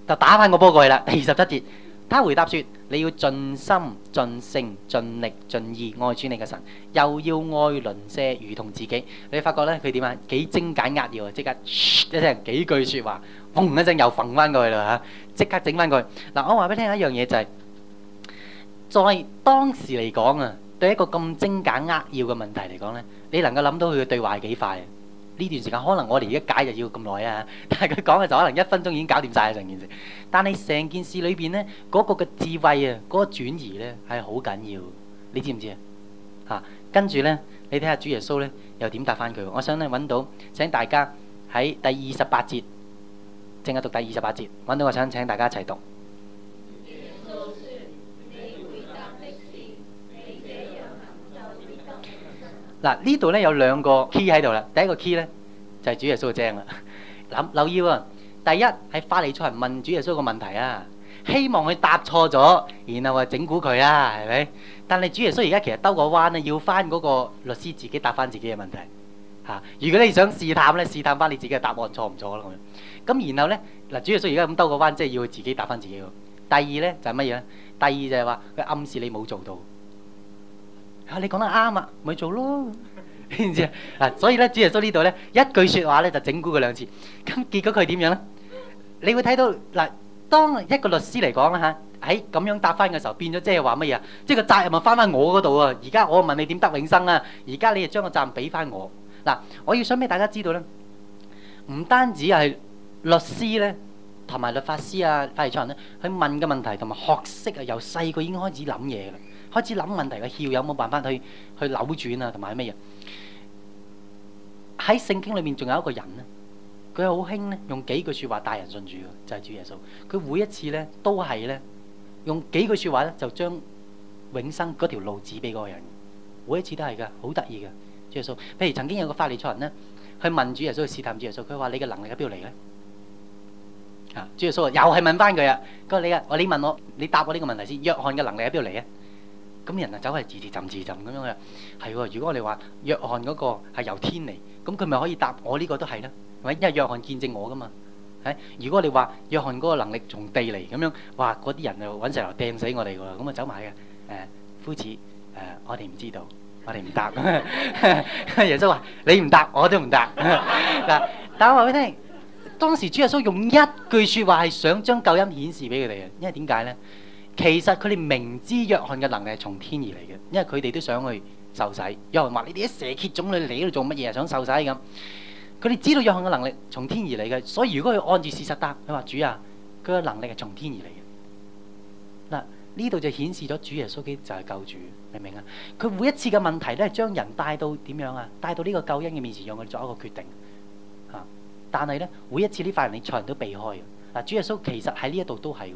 就打翻個波過去啦。第二十七節，他回答說。你要盡心、盡性、盡力、盡意愛主你嘅神，又要愛鄰舍如同自己。你發覺咧，佢點啊？幾精簡扼要啊！即刻，一聲幾句説話，嗡一聲又翻返過去啦嚇！即刻整返過去。嗱，我話俾你聽一樣嘢就係，在當時嚟講啊，對一個咁精簡扼要嘅問題嚟講咧，你能夠諗到佢嘅對話係幾快啊！呢段時間可能我哋而家解就要咁耐啊，但係佢講嘅就可能一分鐘已經搞掂晒成件事。但係成件事裏邊呢，嗰個嘅智慧啊，嗰個轉移呢係好緊要，你知唔知啊？跟住呢，你睇下主耶穌呢，又點答翻佢？我想咧，揾到請大家喺第二十八節，淨係讀第二十八節，揾到我想請大家一齊讀。嗱，呢度咧有兩個 key 喺度啦。第一個 key 咧就係主耶穌正啦。嗱留意喎、啊，第一係法利賽人問主耶穌個問題啊，希望佢答錯咗，然後話整蠱佢啊，係咪？但係主耶穌而家其實兜個彎啊，要翻嗰個律師自己答翻自己嘅問題嚇、啊。如果你想試探咧，試探翻你自己嘅答案錯唔錯啦咁樣。咁然後咧，嗱，主耶穌而家咁兜個彎，即係要佢自己答翻自己喎。第二咧就係乜嘢咧？第二就係話佢暗示你冇做到。你講得啱啊，咪做咯，知唔知啊？嗱，所以咧，主耶穌呢度咧，一句説話咧，就整蠱佢兩次。咁結果佢點樣咧？你會睇到嗱，當一個律師嚟講啦嚇，喺咁樣答翻嘅時候，變咗即係話乜嘢啊？即係個責任咪翻翻我嗰度喎？而家我問你點得永生啊？而家你又將個責任俾翻我嗱，我要想俾大家知道咧，唔單止係律師咧，同埋律法師啊、法律專業咧，佢問嘅問題同埋學識啊，由細個已經開始諗嘢啦。開始諗問題嘅竅有冇辦法去去扭轉啊，同埋咩嘢？喺聖經裏面仲有一個人咧，佢好興咧，用幾句説話帶人信主，嘅，就係主耶穌。佢每一次咧，都係咧，用幾句説話咧，就將永生嗰條路指俾嗰個人。每一次都係噶，好得意嘅主耶穌。譬如曾經有一個法利賽人咧，去問主耶穌去試探主耶穌，佢話：你嘅能力喺邊度嚟咧？啊，主耶穌又係問翻佢啊。佢話你啊，我你問我，你答我呢個問題先。約翰嘅能力喺邊度嚟啊？咁人啊走嚟自自浸自浸咁樣嘅，係喎。如果我哋話約翰嗰個係由天嚟，咁佢咪可以答我呢個都係啦。係因為約翰見證我噶嘛。係，如果你話約翰嗰個能力從地嚟咁樣，哇！嗰啲人就揾石頭掟死我哋喎。咁啊走埋嘅。誒、呃、夫子誒、呃，我哋唔知道，我哋唔答。 耶穌話：你唔答我都唔答。嗱， 但我話俾你聽，當時主耶穌用一句説話係想將救恩顯示俾佢哋嘅，因為點解咧？其實佢哋明知約翰嘅能力係從天而嚟嘅，因為佢哋都想去受洗。約翰話：你哋一蛇蠍種類嚟嗰度做乜嘢啊？想受洗咁。佢哋知道約翰嘅能力從天而嚟嘅，所以如果佢按住事實答，佢話主啊，佢嘅能力係從天而嚟嘅。嗱，呢度就顯示咗主耶穌基督就係救主，明唔明啊？佢每一次嘅問題咧，將人帶到點樣啊？帶到呢個救恩嘅面前，讓佢哋做一個決定。嚇！但係咧，每一次呢塊你財人都避開嘅。嗱，主耶穌其實喺呢一度都係喎。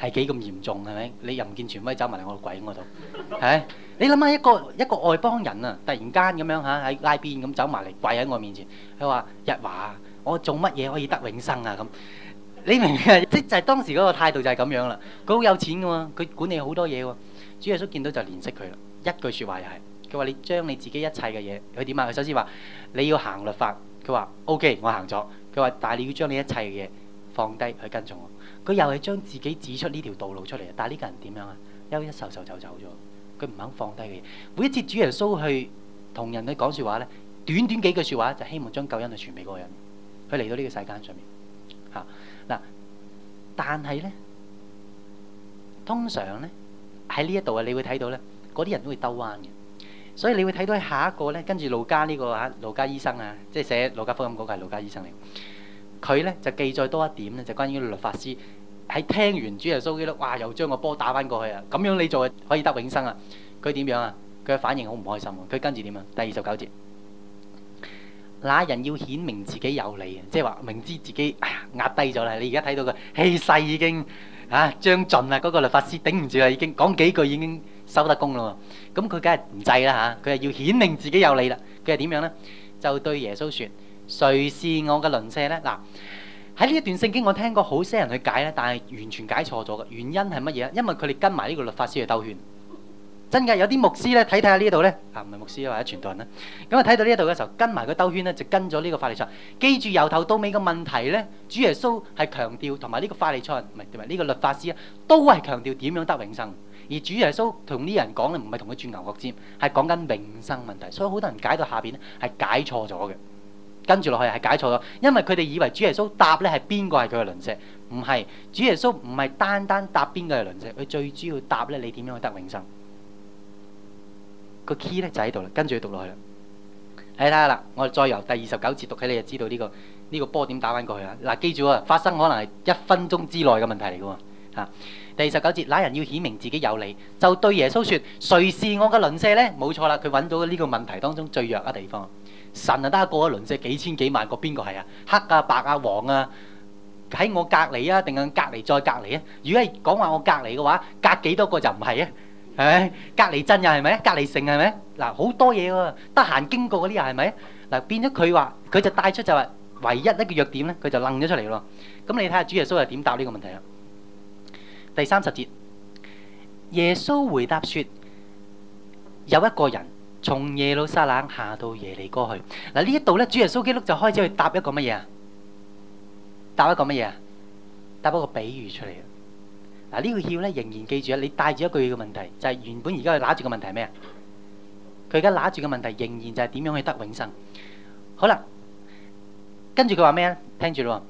係幾咁嚴重係咪？你又唔見全威走埋嚟我鬼我度？係你諗下一個一個外邦人啊，突然間咁樣嚇喺街邊咁走埋嚟跪喺我面前，佢話：日華，我做乜嘢可以得永生啊？咁你明唔明啊？即就係、是、當時嗰個態度就係咁樣啦。佢好有錢嘅喎，佢管理好多嘢喎。主耶穌見到就憐惜佢啦，一句説話又係佢話：他說你將你自己一切嘅嘢，佢點啊？佢首先話你要行律法，佢話 OK，我行咗。佢話但係你要將你一切嘅嘢放低去跟從我。佢又係將自己指出呢條道路出嚟啊！但係呢個人點樣啊？憂憂愁愁就走咗，佢唔肯放低嘅嘢。每一次主耶穌去同人哋講説話咧，短短幾句説話就希望將救恩去傳俾嗰個人。佢嚟到呢個世間上面嚇嗱，但係咧，通常咧喺呢一度啊，在這裡你會睇到咧，嗰啲人都會兜彎嘅。所以你會睇到喺下一個咧，跟住路加、這個」呢個嚇路加醫生啊，即係寫路加福音嗰、那個係路加醫生嚟。佢咧就記載多一點咧，就關於律法師喺聽完主耶穌基督，哇！又將個波打翻過去啊！咁樣你就可以得永生啊？佢點樣啊？佢嘅反應好唔開心。佢跟住點啊？第二十九節，那人要顯明自己有理嘅，即係話明知自己哎壓低咗啦，你而家睇到個氣勢已經啊將盡啦，嗰、那個律法師頂唔住啦，已經講幾句已經收得工啦喎！咁佢梗係唔制啦嚇，佢、啊、係要顯明自己有理啦，佢係點樣咧？就對耶穌說。誰是我嘅鄰舍呢？嗱喺呢一段聖經，我聽過好些人去解呢，但係完全解錯咗嘅原因係乜嘢咧？因為佢哋跟埋呢個律法師去兜圈真的，真嘅有啲牧師呢睇睇下呢度呢，啊，唔係牧師啊，或者傳道人啦，咁啊睇到呢一度嘅時候跟埋佢兜圈呢就跟咗呢個法利賽。記住由頭到尾嘅問題呢，主耶穌係強調同埋呢個法利賽唔係同埋呢個律法師啊，都係強調點樣得永生。而主耶穌同呢人講嘅唔係同佢轉牛角尖，係講緊永生問題。所以好多人解到下邊呢，係解錯咗嘅。跟住落去係解錯咗，因為佢哋以為主耶穌答咧係邊個係佢嘅鄰舍，唔係主耶穌唔係單單答邊個係鄰舍，佢最主要答咧你點樣去得永生。個 key 咧就喺度啦，跟住要讀落去啦。你睇下啦，我再由第二十九節讀起，你就知道呢個呢個波點打翻過去啦。嗱，記住喎，發生可能係一分鐘之內嘅問題嚟嘅喎。嚇，第二十九節，那人要顯明自己有理，就對耶穌說：誰是我嘅鄰舍咧？冇錯啦，佢揾到呢個問題當中最弱嘅地方。神啊得過一輪即係，幾千幾萬個邊個係啊？黑啊、白啊、黃啊，喺我隔離啊，定係隔離再隔離啊？如果係講話我隔離嘅話，隔幾多個就唔係啊？係咪隔離真呀？係咪？隔離城係咪？嗱好多嘢喎，得閒經過嗰啲呀？係咪？嗱變咗佢話，佢就帶出就話，唯一一個弱點咧，佢就愣咗出嚟咯。咁你睇下主耶穌係點答呢個問題啊？第三十節，耶穌回答說：有一個人。從耶路撒冷下到耶利哥去，嗱呢一度咧，主耶穌基督就開始去答一個乜嘢啊？答一個乜嘢啊？答一個比喻出嚟啊！嗱呢個竅咧，仍然記住啊！你帶住一句嘅問題，就係原本而家去攞住嘅問題係咩啊？佢而家攞住嘅問題仍然就係點樣去得永生？好啦，跟住佢話咩咧？聽住咯，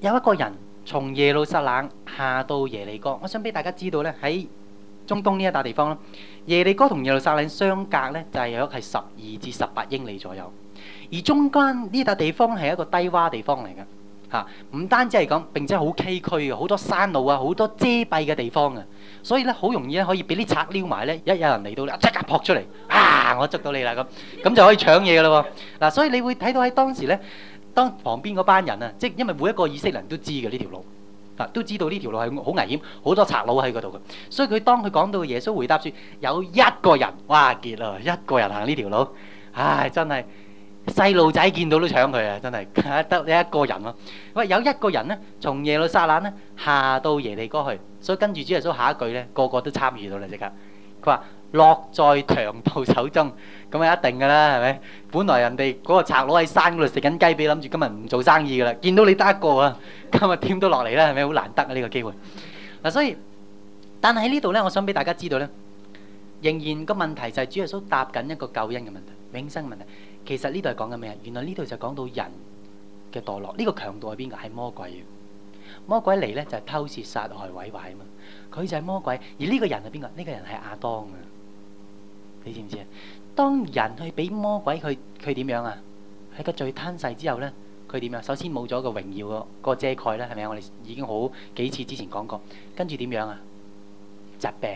有一個人從耶路撒冷下到耶利哥，我想俾大家知道咧喺。中東呢一笪地方啦，耶利哥同耶路撒冷相隔呢就係有係十二至十八英里左右，而中間呢笪地方係一個低窪地方嚟嘅，嚇唔單止係咁，並且好崎嶇嘅，好多山路啊，好多遮蔽嘅地方啊。所以呢，好容易咧可以俾啲賊撩埋呢，一有人嚟到咧即刻撲出嚟，啊我捉到你啦咁，咁就可以搶嘢啦喎，嗱所以你會睇到喺當時呢，當旁邊嗰班人啊，即係因為每一個以色列人都知嘅呢條路。都知道呢條路係好危險，好多賊佬喺嗰度嘅。所以佢當佢講到耶穌回答説有一個人，哇！結啦，一個人行呢條路，唉，真係細路仔見到都搶佢啊！真係得你一個人囉。喂，有一個人呢，從耶路撒冷呢下到耶利哥去，所以跟住主耶穌下一句呢，個個都參與到嚟即刻。佢話。落在強盜手中，咁啊一定噶啦，係咪？本來人哋嗰個賊佬喺山嗰度食緊雞髀，諗住今日唔做生意噶啦，見到你得一個啊，今日添都落嚟啦，係咪？好難得啊呢個機會。嗱，所以但係喺呢度咧，我想俾大家知道咧，仍然個問題就係主耶穌答緊一個救恩嘅問題、永生嘅問題。其實呢度係講緊咩啊？原來呢度就講到人嘅墮落。呢個強盜係邊個？係魔鬼。魔鬼嚟咧就係偷竊、殺害、毀壞啊嘛。佢就係魔鬼，而呢個人係邊個？呢個人係亞當啊。你知唔知啊？當人去俾魔鬼，佢佢點樣啊？喺個罪吞噬之後咧，佢點樣啊？首先冇咗個榮耀個個遮蓋啦，係咪？我哋已經好幾次之前講過。跟住點樣啊？疾病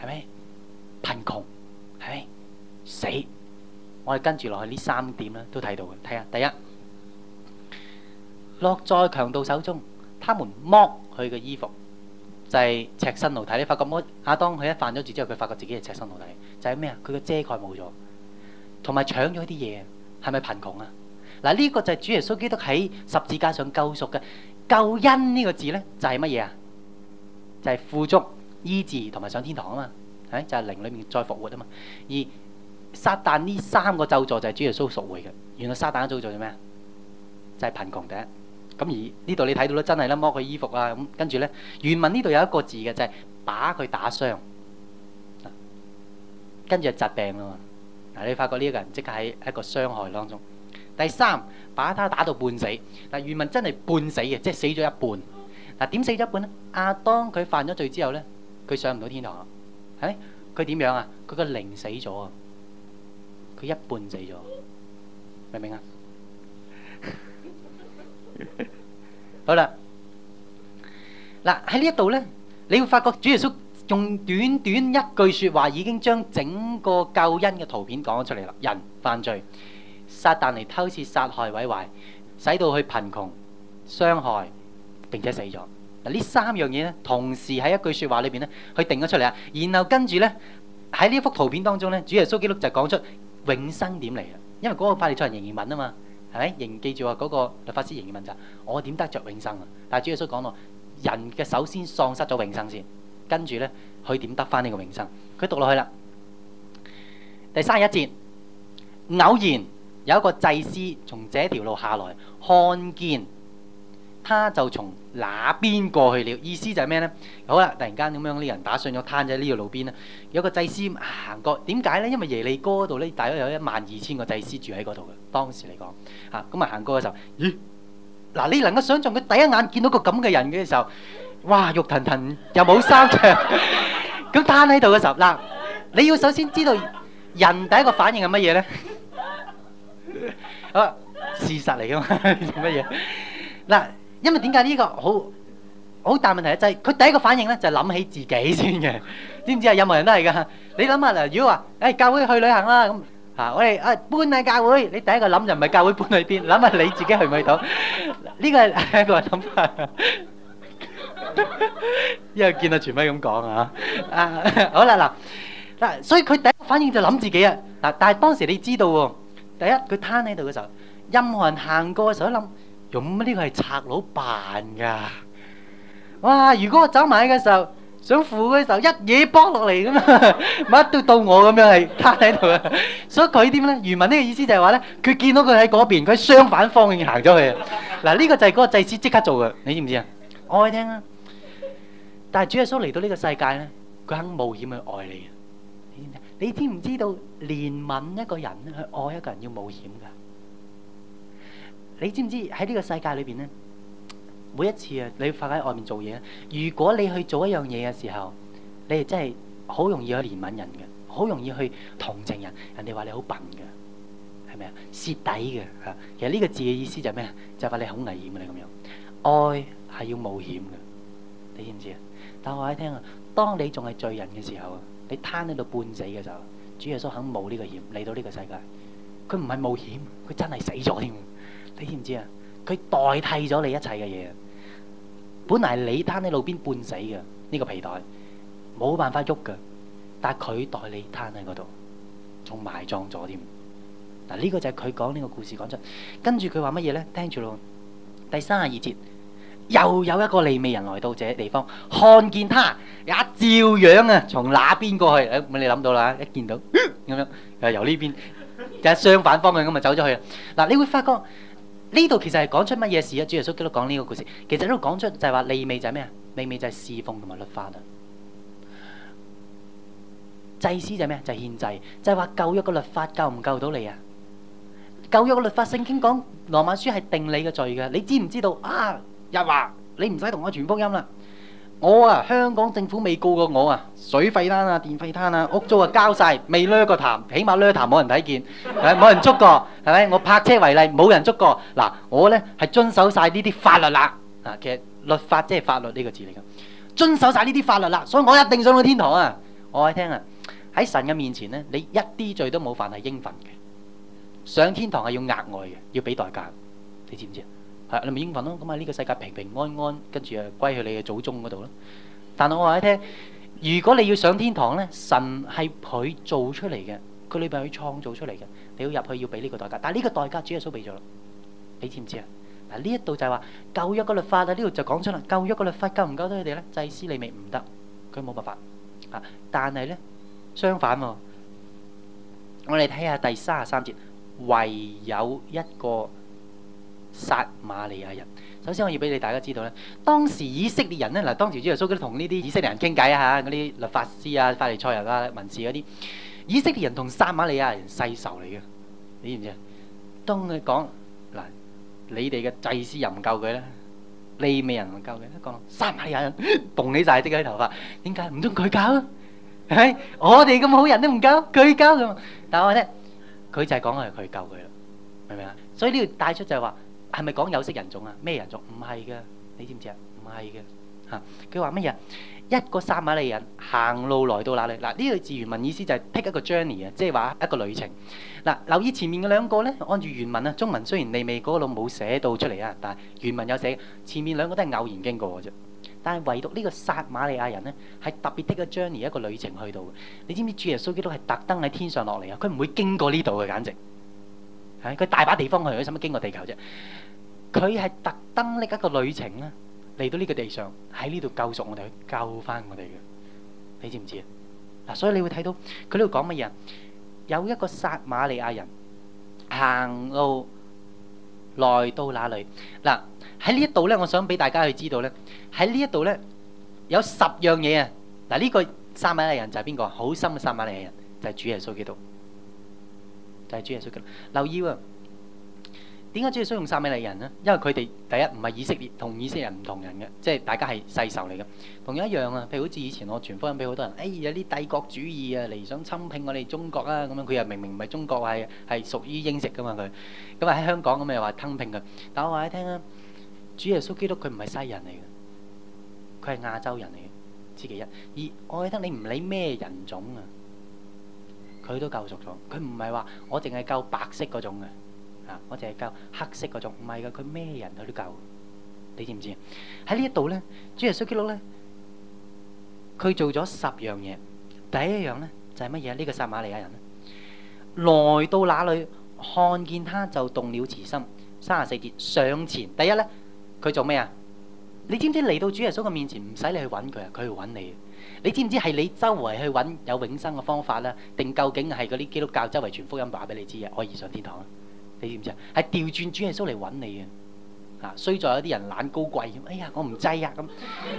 係咪？貧窮係咪？死？我哋跟住落去呢三點咧，都睇到嘅。睇下第一，落在強盜手中，他們剝佢嘅衣服，就係赤身裸體，你發覺我亞當佢一犯咗罪之後，佢發覺自己係赤身裸體，就係咩啊？佢個遮蓋冇咗，同埋搶咗一啲嘢，係咪貧窮啊？嗱，呢個就係主耶穌基督喺十字架上救贖嘅救恩呢個字咧，就係乜嘢啊？就係富足、醫治同埋上天堂啊嘛，係就係靈裏面再復活啊嘛。而撒旦呢三個咒詛，就係主耶穌贖回嘅，原來撒但嘅咒詛係咩？就係貧窮第一。咁而呢度你睇到咧，真係啦，剝佢衣服啊，咁跟住咧，原文呢度有一個字嘅就係把佢打傷，跟住就疾病啊嘛。嗱，你發覺呢一個人即刻喺一個傷害當中。第三，把他打到半死。嗱，原文真係半死嘅，即係死咗一半。嗱，點死咗一半咧？亞當佢犯咗罪之後咧，佢上唔到天堂啊。係咪？佢點樣啊？佢個靈死咗啊，佢一半死咗，明唔明啊？好啦，嗱喺呢一度咧，你會發覺主耶穌用短短一句說話，已經將整個救恩嘅圖片講咗出嚟啦。人犯罪，撒但嚟偷竊、殺害、毀壞，使到佢貧窮、傷害，並且死咗。嗱呢三樣嘢咧，同時喺一句說話裏邊咧，佢定咗出嚟啦。然後跟住咧喺呢一幅圖片當中咧，主耶穌基督就講出永生點嚟啊！因為嗰個法利賽人仍然問啊嘛。係咪？仍記住喎，嗰個律法師仍然問就：我點得着永生啊？但係主耶穌講到，人嘅首先喪失咗永生先，跟住咧，佢點得返呢個永生？佢讀落去啦，第三一節，偶然有一個祭司從這條路下來，看見。他就從那邊過去了。意思就係咩呢？好啦，突然間咁樣呢，人打上咗攤仔呢個路邊啦，有個祭司行過，點解呢？因為耶利哥度呢，大概有一萬二千個祭司住喺嗰度嘅，當時嚟講嚇，咁啊行過嘅時候，咦嗱，你能夠想象佢第一眼見到個咁嘅人嘅時候，哇，肉騰騰又冇衫著，咁攤喺度嘅時候，嗱你要首先知道人第一個反應係乜嘢呢？啊事實嚟嘅嘛，做乜嘢嗱？因為點解呢個好好大問題咧？就係佢第一個反應咧，就係諗起自己先嘅，知唔知啊？任何人都係噶。你諗下嗱，如果話誒教會去旅行啦咁，嚇我哋啊搬啊教會，你第一個諗就唔係教會搬去邊，諗下你自己去唔去到？呢個係一個諗法。因為見到全班咁講啊，啊好啦嗱嗱，所以佢第一個反應就諗自己啊嗱。但係當時你知道喎，第一佢攤喺度嘅時候，任何人行過嘅時候都諗。用乜呢個係賊佬扮噶？哇！如果我走埋去嘅時候，想扶佢嘅時候，一嘢崩落嚟咁啊，乜都到我咁樣係趴喺度啊！所以佢點咧？漁民呢個意思就係話咧，佢見到佢喺嗰邊，佢相反方向行咗去啊！嗱，呢個就係嗰個祭司即刻做嘅，你知唔知啊？我去聽啦。但係主耶穌嚟到呢個世界咧，佢肯冒險去愛你。你知唔知道憐憫一個人去愛一個人要冒險噶？你知唔知喺呢個世界裏邊咧，每一次啊，你發喺外面做嘢，如果你去做一樣嘢嘅時候，你係真係好容易去憐憫人嘅，好容易去同情人，人哋話你好笨嘅，係咪啊？蝕底嘅嚇，其實呢個字嘅意思就係咩啊？就係話你好危險嘅，你咁樣，愛係要冒險嘅，你知唔知啊？但係我話你聽啊，當你仲係罪人嘅時候，你攤喺度半死嘅時候，主耶穌肯冒呢個險嚟到呢個世界，佢唔係冒險，佢真係死咗添。你知唔知啊？佢代替咗你一切嘅嘢啊！本嚟你攤喺路邊半死嘅呢個皮袋，冇辦法喐㗎，但係佢代你攤喺嗰度，仲埋葬咗添。嗱，呢個就係佢講呢個故事講出，跟住佢話乜嘢咧？聽住咯，第三十二節又有一個利未人來到這地方，看見他也照樣啊，從哪邊過去？誒，你諗到啦，一見到咁樣又由呢邊，即係相反方向咁啊走咗去啊！嗱，你會發覺。呢度其實係講出乜嘢事啊？主耶穌基督講呢個故事，其實呢度講出就係話利未就係咩啊？利未就係侍奉同埋律法啦。祭司就咩就就係、獻祭，就係話舊約個律法救唔救到你啊？舊約個律法聖經講羅馬書係定你嘅罪嘅，你知唔知道啊？日華你唔使同我傳福音啦。我啊，香港政府未告過我啊，水費單啊、電費單啊、屋租啊交晒，未掠過痰，起碼掠痰冇人睇見，係冇人捉過，係咪？我泊車為例，冇人捉過。嗱，我呢，係遵守晒呢啲法律啦。嗱、啊，其實律法即係法律呢個字嚟㗎，遵守晒呢啲法律啦，所以我一定上到天堂啊！我話你聽啊，喺神嘅面前呢，你一啲罪都冇犯係應份嘅，上天堂係要額外嘅，要俾代價，你知唔知啊？係，你咪英文咯。咁啊，呢個世界平平安安，跟住啊，歸去你嘅祖宗嗰度啦。但係我話你聽，如果你要上天堂咧，神係佢做出嚟嘅，佢裏邊去創造出嚟嘅，你要入去要俾呢個代價。但係呢個代價，主耶穌俾咗啦。你知唔知啊？嗱，呢一度就係話舊約嘅律法啊，呢度就講出啦。舊約嘅律法救唔救得佢哋咧？祭司利未唔得，佢冇辦法啊。但係咧，相反喎，我哋睇下第三十三節，唯有一個。撒瑪利亞人，首先我要俾你大家知道咧，當時以色列人咧，嗱，當時主耶穌都同呢啲以色列人傾偈啊嚇，嗰啲律法師啊、法利賽人啊、文士嗰啲，以色列人同撒瑪利亞人世仇嚟嘅，你知唔知啊？當佢講嗱，你哋嘅祭司又唔救佢咧，利未人唔救佢，一講撒瑪利亞人，戙起曬啲鬼頭髮，點解唔通佢救？係我哋咁好人都唔救，佢救嘅，但係咧，佢就係講係佢救佢啦，明唔明啊？所以呢度帶出就係話。係咪講有色人種啊？咩人種？唔係嘅，你知唔知不啊？唔係嘅嚇。佢話乜嘢？一個撒瑪利人行路來到哪裏？嗱、啊，呢句字原文意思就係 pick 一個 journey 啊，即係話一個旅程。嗱、啊，留意前面嘅兩個呢，按住原文啊，中文雖然利未嗰度冇寫到出嚟啊，但係原文有寫，前面兩個都係偶然經過嘅啫。但係唯獨呢個撒瑪利亞人呢，係特別 pick 個 journey 一個旅程去到的。你知唔知主耶穌基督係特登喺天上落嚟啊？佢唔會經過呢度嘅，簡直。佢大把地方去，使乜經過地球啫？佢係特登搦一個旅程咧，嚟到呢個地上，喺呢度救贖我哋，去救翻我哋嘅，你知唔知啊？嗱，所以你會睇到佢呢度講乜嘢啊？有一個撒瑪利亞人行路來到那裏？嗱，喺呢一度咧，我想俾大家去知道咧，喺呢一度咧有十樣嘢啊！嗱，呢個撒瑪利亞人就係邊個？好心嘅撒瑪利亞人就係主耶穌基督。就係主耶穌基督。留意喎，點解主耶穌用撒瑪利人呢？因為佢哋第一唔係以色列同以色列人唔同人嘅，即係大家係世仇嚟嘅。同樣一樣啊，譬如好似以前我傳福音俾好多人，哎，有啲帝國主義啊嚟想侵併我哋中國啊咁樣，佢又明明唔係中國，係係屬於英式噶嘛佢。咁啊喺香港咁又話吞併佢。但我話你聽啊，主耶穌基督佢唔係西人嚟嘅，佢係亞洲人嚟嘅，知幾一？而我覺得你唔理咩人種啊。佢都救贖咗，佢唔係話我淨係救白色嗰種嘅，啊，我淨係救黑色嗰種，唔係㗎，佢咩人佢都救，你知唔知？喺呢一度呢，主耶穌基督呢，佢做咗十樣嘢，第一樣呢，就係乜嘢？呢個撒瑪利亞人，來到那裏看見他就動了慈心，三十四節上前，第一呢，佢做咩啊？你知唔知嚟到主耶穌嘅面前唔使你去揾佢啊，佢去揾你。你知唔知係你周圍去揾有永生嘅方法咧？定究竟係嗰啲基督教周圍傳福音話俾你知嘅可以上天堂咧？你知唔知啊？係調轉主耶穌嚟揾你嘅吓、啊，衰在有啲人懶高貴，哎呀我唔制啊咁。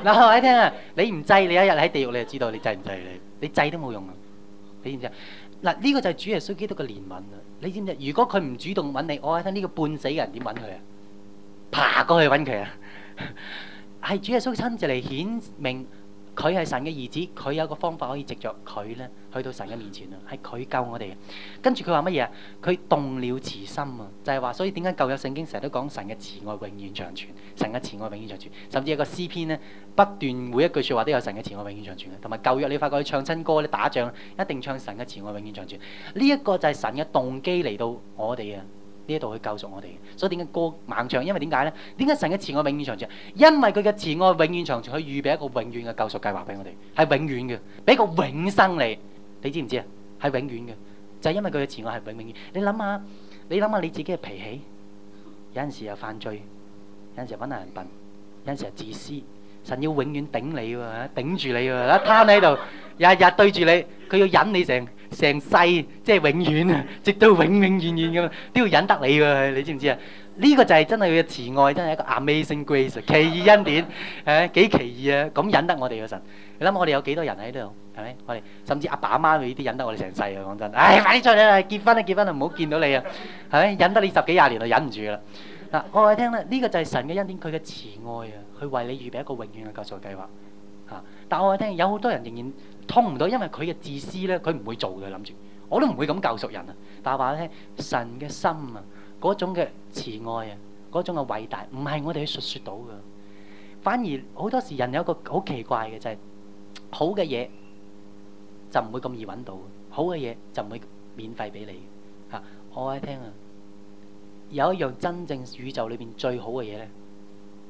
嗱，我話你聽啊，你唔制，你有一日喺地獄你就知道你制唔制。你制唔制？你制都冇用嘅，你知唔知啊？嗱、這、呢個就係主耶穌基督嘅憐憫啦，你知唔知？如果佢唔主動揾你，我喺聽呢個半死嘅人點揾佢啊？爬過去揾佢啊？係 主耶穌親自嚟顯明。佢係神嘅兒子，佢有個方法可以藉著佢呢，去到神嘅面前啊，係佢救我哋。跟住佢話乜嘢啊？佢動了慈心啊，就係話，所以點解舊約聖經成日都講神嘅慈愛永遠長存，神嘅慈愛永遠長存，甚至有個詩篇呢，不斷每一句説話都有神嘅慈愛永遠長存嘅。同埋舊約你發覺佢唱親歌，你打仗，一定唱神嘅慈愛永遠長存。呢一個就係神嘅動機嚟到我哋啊。呢一度去救贖我哋，所以點解歌猛唱？因為點解咧？點解神嘅慈愛永遠長存？因為佢嘅慈愛永遠長存，佢預備一個永遠嘅救贖計劃俾我哋，係永遠嘅，俾個永生你，你知唔知啊？係永遠嘅，就係因為佢嘅慈愛係永永遠的。你諗下，你諗下你自己嘅脾氣，有陣時又犯罪，有陣時搵下人笨，有陣時自私。神要永遠頂你喎，頂住你喎，一癱喺度，日日對住你，佢要忍你成成世，即係永遠啊，直到永永遠遠咁，都要忍得你噶，你知唔知啊？呢個就係真係佢嘅慈愛，真係一個 Amazing Grace，奇異恩典，誒，幾奇異啊！咁忍得我哋嘅神，你諗我哋有幾多人喺呢度，係咪？我哋甚至阿爸阿媽佢呢啲忍得我哋成世啊！講真，哎，快啲出嚟啦，結婚啦，結婚啦，唔好見到你啊，係咪？忍得你十幾廿年就忍唔住啦。嗱，我話你聽啦，呢個就係神嘅恩典，佢嘅慈愛啊！佢為你預備一個永遠嘅救贖計劃，嚇！但我聽有好多人仍然通唔到，因為佢嘅自私咧，佢唔會做嘅，諗住我都唔會咁救贖人啊！但係話咧，神嘅心啊，嗰種嘅慈愛啊，嗰種嘅偉大，唔係我哋去述説到嘅。反而好多時人有一個好奇怪嘅就係、是，好嘅嘢就唔會咁易揾到，好嘅嘢就唔會免費俾你嚇。我喺聽啊，有一樣真正宇宙裏邊最好嘅嘢咧。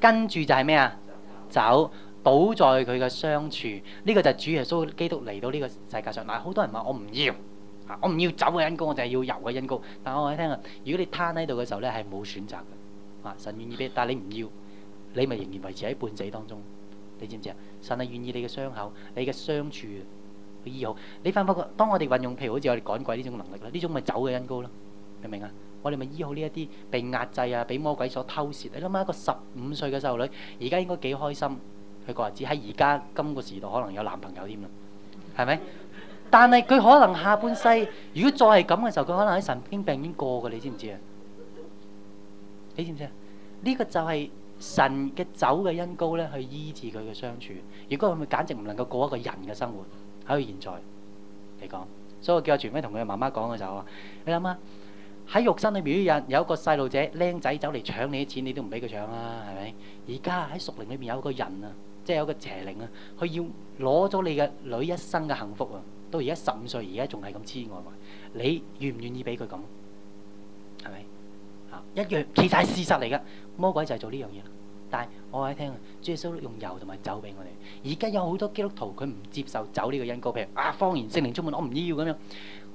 跟住就係咩啊？酒，倒在佢嘅傷處，呢個就係主耶穌基督嚟到呢個世界上。嗱，好多人話我唔要，啊我唔要酒嘅恩膏，我淨係要油嘅恩膏。但係我話你聽啊，如果你攤喺度嘅時候咧，係冇選擇嘅。啊，神願意俾，但係你唔要，你咪仍然維持喺半死當中。你知唔知啊？神係願意你嘅傷口、你嘅傷處去醫好。你發唔發覺？當我哋運用譬如好似我哋趕鬼呢種能力咧，呢種咪酒嘅恩膏咯，明唔明啊？我哋咪醫好呢一啲被壓制啊，俾魔鬼所偷竊。你諗下，一個十五歲嘅細路女，而家應該幾開心？佢話，只喺而家今個時代可能有男朋友添啦，係咪？ 但係佢可能下半世，如果再係咁嘅時候，佢可能喺神經病院過嘅，你知唔知啊？ 你知唔知啊？呢個就係神嘅酒嘅恩膏咧，去醫治佢嘅傷處。如果佢咪，簡直唔能夠過一個人嘅生活喺佢現在嚟講。所以我叫阿全，輝同佢媽媽講嘅時候你諗下。喺肉身裏面有有一個細路仔僆仔走嚟搶你啲錢，你都唔俾佢搶啊，係咪？而家喺屬靈裏面有一個人啊，即係有個邪靈啊，佢要攞咗你嘅女一生嘅幸福啊，到而家十五歲，而家仲係咁痴愛愛，你願唔願意俾佢咁？係咪？一樣，其實係事實嚟嘅，魔鬼就係做呢樣嘢。但係我話你聽啊，主耶穌用油同埋酒俾我哋。而家有好多基督徒佢唔接受酒呢個恩膏，譬如啊方言聖靈充滿，我唔要咁樣。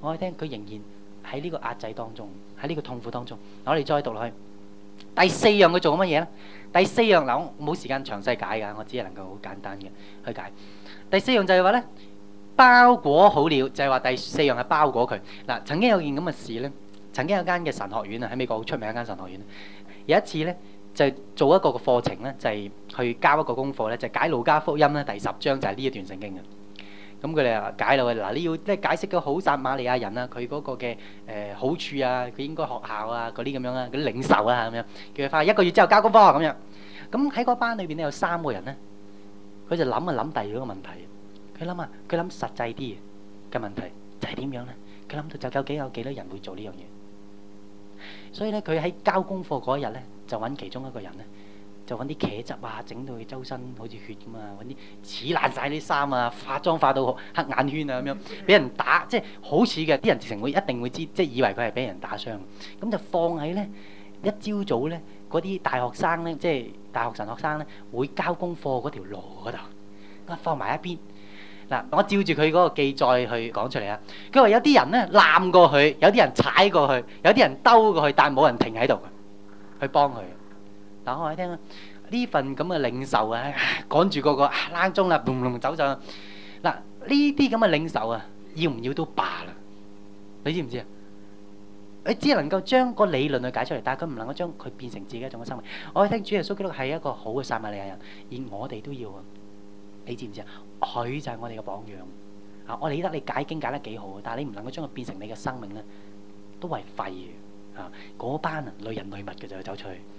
我話你聽佢仍然。喺呢個壓制當中，喺呢個痛苦當中，我哋再讀落去第四樣佢做乜嘢咧？第四樣嗱，我冇時間詳細解嘅，我只係能夠好簡單嘅去解。第四樣就係話咧，包裹好了就係話第四樣係包裹佢嗱。曾經有件咁嘅事咧，曾經有間嘅神學院啊喺美國好出名的一間神學院，有一次咧就做一個嘅課程咧，就係去交一個功課咧，就係解路加福音咧第十章就係呢一段聖經嘅。咁佢哋啊解咯，嗱你要即係解釋個好撒瑪利亞人啦，佢嗰個嘅誒好處啊，佢應該學校啊嗰啲咁樣啊，嗰啲領袖啊咁樣，叫佢返去一個月之後交功課咁樣。咁喺嗰班裏邊咧有三個人咧，佢就諗啊諗第二個問題，佢諗啊佢諗實際啲嘅問題就係點樣咧？佢諗到就究竟有幾多人會做呢樣嘢。所以咧佢喺交功課嗰一日咧就揾其中一個人咧。就揾啲茄汁啊，整到佢周身好似血咁啊！揾啲似爛晒啲衫啊，化妝化到黑眼圈啊咁樣，俾人打即係好似嘅，啲人直情會一定會知，即係以為佢係俾人打傷。咁就放喺咧一朝早咧，嗰啲大學生咧，即係大學神學生咧，會交功課嗰條路嗰度，我放埋一邊。嗱，我照住佢嗰個記載去講出嚟啦。佢話有啲人咧攬過去，有啲人踩過去，有啲人兜過去，但冇人停喺度去幫佢。打開嚟，聽啊！呢份咁嘅領袖啊，趕住個個躝鐘啦，隆隆走上。嗱，呢啲咁嘅領袖啊，要唔要都罷啦？你知唔知啊？你只係能夠將個理論去解出嚟，但係佢唔能夠將佢變成自己一種嘅生命。我哋聽主耶穌基督係一個好嘅撒瑪利亞人，而我哋都要啊！你知唔知啊？佢就係我哋嘅榜樣。啊，我理得你解經解得幾好的，但係你唔能夠將佢變成你嘅生命咧，都係廢嘅！嗰班累人累物嘅就要走出去。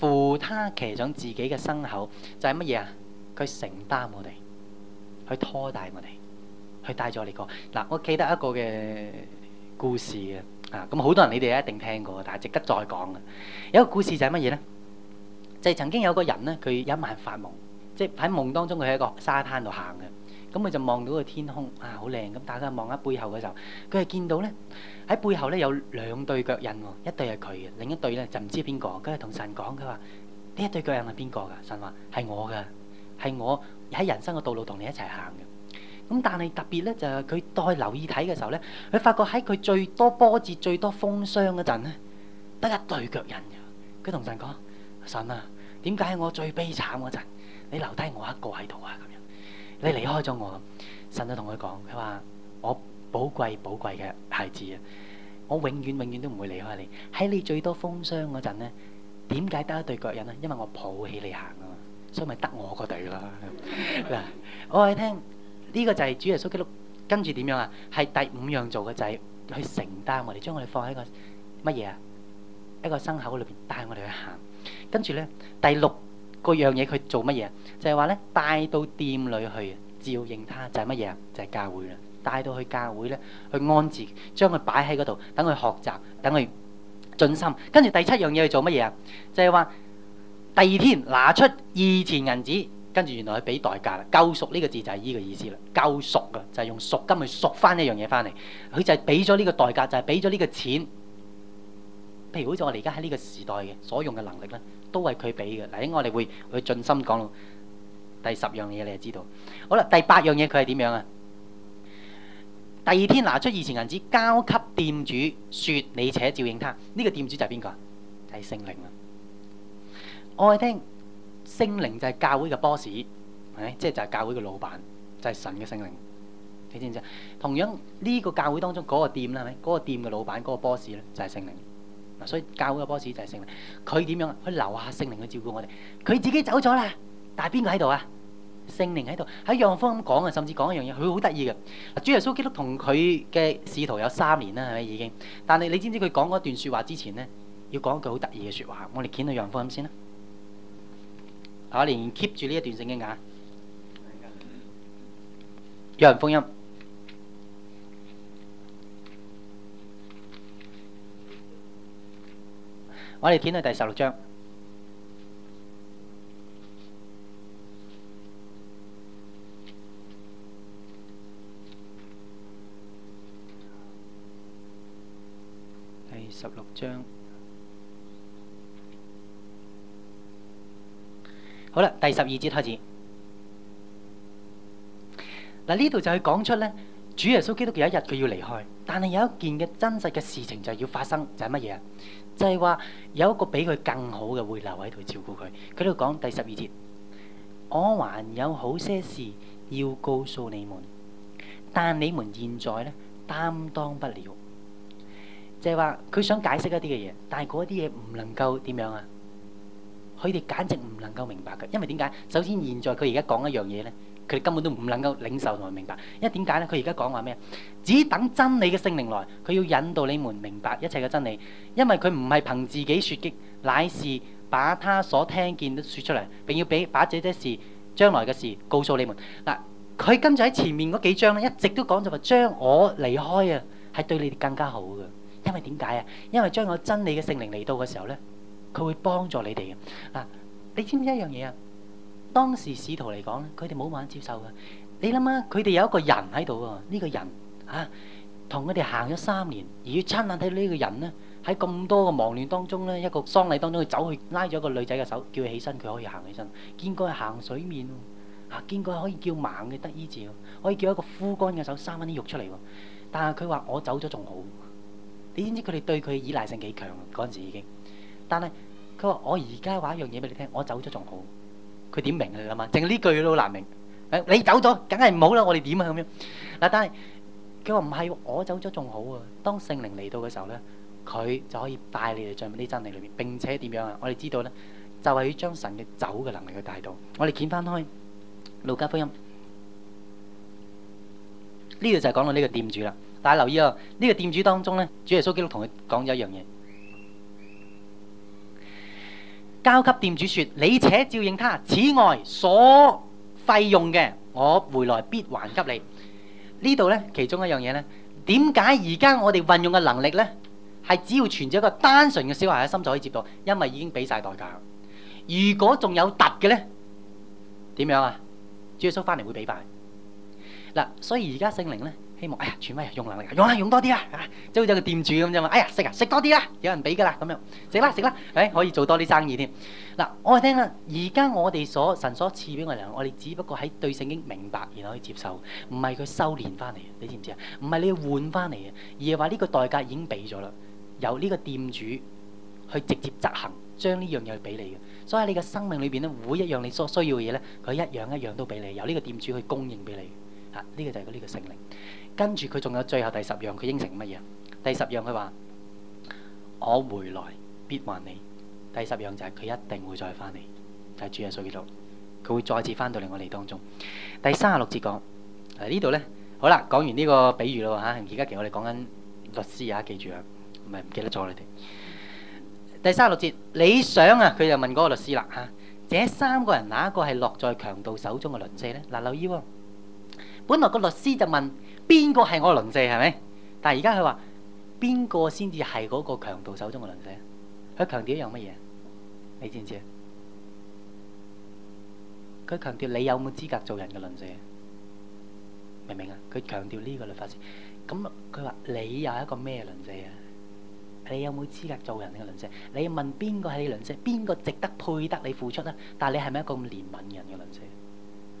扶他騎上自己嘅牲口，就係乜嘢啊？佢承擔我哋，去拖帶我哋，去帶住我哋過。嗱，我記得一個嘅故事嘅，啊，咁好多人你哋一定聽過，但係值得再講嘅。有一個故事就係乜嘢咧？就係曾經有個人咧，佢一晚發夢，即係喺夢當中佢喺一個沙灘度行嘅。咁佢就望到個天空，啊，好靚！咁大家望下背後嘅時候，佢係見到咧，喺背後咧有兩對腳印喎，一對係佢嘅，另一對咧就唔知邊個。佢係同神講，佢話：呢一對腳印係邊個㗎？神話，係我㗎，係我喺人生嘅道路同你一齊行嘅。咁但係特別咧就係佢再留意睇嘅時候咧，佢發覺喺佢最多波折、最多風霜嗰陣咧，得一對腳印。佢同神講：神啊，點解我最悲慘嗰陣，你留低我一個喺度啊？你離開咗我，神就同佢講：佢話我寶貴寶貴嘅孩子啊，我永遠永遠都唔會離開你。喺你最多風霜嗰陣咧，點解得一對腳印咧？因為我抱起你行啊嘛，所以咪得我個對啦。嗱， 我話你聽呢個就係主耶穌基督跟住點樣啊？係第五樣做嘅就係、是、去承擔我哋，將我哋放喺個乜嘢啊？一個牲口裏邊帶我哋去行。跟住咧，第六。個樣嘢佢做乜嘢？就係話咧，帶到店裏去照應他就係，就係乜嘢啊？就係教會啦。帶到去教會咧，去安置，將佢擺喺嗰度，等佢學習，等佢盡心。跟住第七樣嘢佢做乜嘢啊？就係、是、話第二天拿出二千銀子，跟住原來佢俾代價啦。救贖」呢個字就係呢個意思啦。救贖」啊，就係、是、用贖金去贖」翻呢樣嘢翻嚟。佢就係俾咗呢個代價，就係俾咗呢個錢。譬如好似我哋而家喺呢個時代嘅所用嘅能力咧，都係佢俾嘅。嗱，我哋會會盡心講第十樣嘢，你就知道。好啦，第八樣嘢佢係點樣啊？第二天拿出二錢銀紙交給店主，説：你且照應他。呢個店主就係邊個？就係聖靈啊！我哋聽聖靈就係教會嘅 boss，係咪？即係就係教會嘅老闆，就係神嘅聖靈。你知唔知？同樣呢個教會當中嗰個店啦，係咪？嗰個店嘅老闆嗰個 boss 咧，就係聖靈。所以教會嘅 boss 就係聖靈，佢點樣啊？佢留下聖靈去照顧我哋，佢自己走咗啦，但係邊個喺度啊？聖靈喺度，喺楊方咁講啊，甚至講一樣嘢，佢好得意嘅。主耶穌基督同佢嘅使徒有三年啦，係咪已經？但係你知唔知佢講嗰段説話之前呢，要講一句好得意嘅説話，我哋見到楊方咁先啦。啊，連 keep 住呢一段聖經眼，楊、啊、方音。我哋睇到第十六章。第十六章，好啦，第十二節開始。嗱，呢度就係講出咧，主耶穌基督嘅一日佢要離開，但係有一件嘅真實嘅事情就係要發生，就係乜嘢啊？就係話有一個比佢更好嘅會留喺度照顧佢。佢喺度講第十二節，我還有好些事要告訴你們，但你們現在咧擔當不了。就係話佢想解釋一啲嘅嘢，但係嗰啲嘢唔能夠點樣啊？佢哋簡直唔能夠明白嘅，因為點解？首先現在佢而家講一樣嘢咧。佢哋根本都唔能夠領受同埋明白，因為點解咧？佢而家講話咩？只等真理嘅聖靈來，佢要引導你們明白一切嘅真理。因為佢唔係憑自己說的，乃是把他所聽見都說出嚟，並要俾把這些事將來嘅事告訴你們。嗱，佢跟住喺前面嗰幾章咧，一直都講就話將我離開啊，係對你哋更加好嘅。因為點解啊？因為將我真理嘅聖靈嚟到嘅時候咧，佢會幫助你哋嘅。嗱，你知唔知一樣嘢啊？當時使徒嚟講咧，佢哋冇晚接受嘅。你諗下，佢哋有一個人喺度喎，呢、這個人嚇同佢哋行咗三年，而要親眼睇呢個人咧喺咁多嘅忙亂當中咧，一個喪禮當中佢走去拉咗一個女仔嘅手，叫佢起身，佢可以行起身。見佢行水面，嚇、啊、見佢可以叫盲嘅得醫治，可以叫一個枯乾嘅手生翻啲肉出嚟喎。但係佢話我走咗仲好，你知唔知佢哋對佢嘅依賴性幾強嗰陣時已經？但係佢話我而家話一樣嘢俾你聽，我走咗仲好。佢點明佢哋啦嘛？淨係呢句都好難明。誒，你走咗，梗係唔好啦，我哋點啊咁樣？嗱，但係佢話唔係，我走咗仲好啊。當聖靈嚟到嘅時候咧，佢就可以帶你哋進入呢真理裏面。並且點樣啊？我哋知道咧，就係要將神嘅走嘅能力去帶到。我哋掀翻開路加福音，呢度就係講到呢個店主啦。大家留意啊，呢個店主當中咧，主耶穌基督同佢講咗一樣嘢。交給店主，説：你且照應他。此外所費用嘅，我回來必還給你。呢度咧，其中一樣嘢咧，點解而家我哋運用嘅能力咧，係只要存住一個單純嘅小孩嘅心就可以接到？因為已經俾曬代價。如果仲有突嘅咧，點樣啊？耶穌翻嚟會俾返。嗱，所以而家聖靈咧。希望哎呀，儲咩啊，用能力啊，用啊，用多啲啊，即好似個店主咁啫嘛。哎呀，食啊，食多啲啦，有人俾噶啦，咁樣食啦，食啦，哎，可以做多啲生意添。嗱，我哋聽啦，而家我哋所神所賜俾我哋，我哋只不過喺對聖經明白，然後可以接受，唔係佢修煉翻嚟嘅，你知唔知啊？唔係你要換翻嚟嘅，而係話呢個代價已經俾咗啦，由呢個店主去直接執行，將呢樣嘢俾你嘅。所以喺你嘅生命裏邊咧，每一樣你所需要嘅嘢咧，佢一樣一樣都俾你，由呢個店主去供應俾你嘅。吓，呢、啊這個就係呢個聖靈。跟住佢仲有最後第十樣，佢應承乜嘢？第十樣佢話：我回來必還你。第十樣就係佢一定會再翻嚟，係主耶穌基督，佢會再次翻到嚟我哋當中。第三十六節講，嗱呢度咧，好啦，講完呢個比喻咯嚇。而家其實我哋講緊律師啊，記住啊，唔係唔記得咗你哋。第三十六節，你想啊？佢就問嗰個律師啦嚇，這三個人哪一個係落在強盜手中嘅鄰舍咧？嗱，留意喎，本來個律師就問。邊個係我嘅鄰舍，係咪？但係而家佢話邊個先至係嗰個強盜手中嘅鄰舍？佢強調一樣乜嘢？你知唔知啊？佢強調你有冇資格做人嘅鄰舍？明唔明啊？佢強調呢個律法師。咁佢話你有一個咩鄰舍啊？你有冇資格做人嘅鄰舍？你問邊個係你鄰舍？邊個值得配得你付出啊？但係你係咪一個咁憐憫人嘅鄰舍？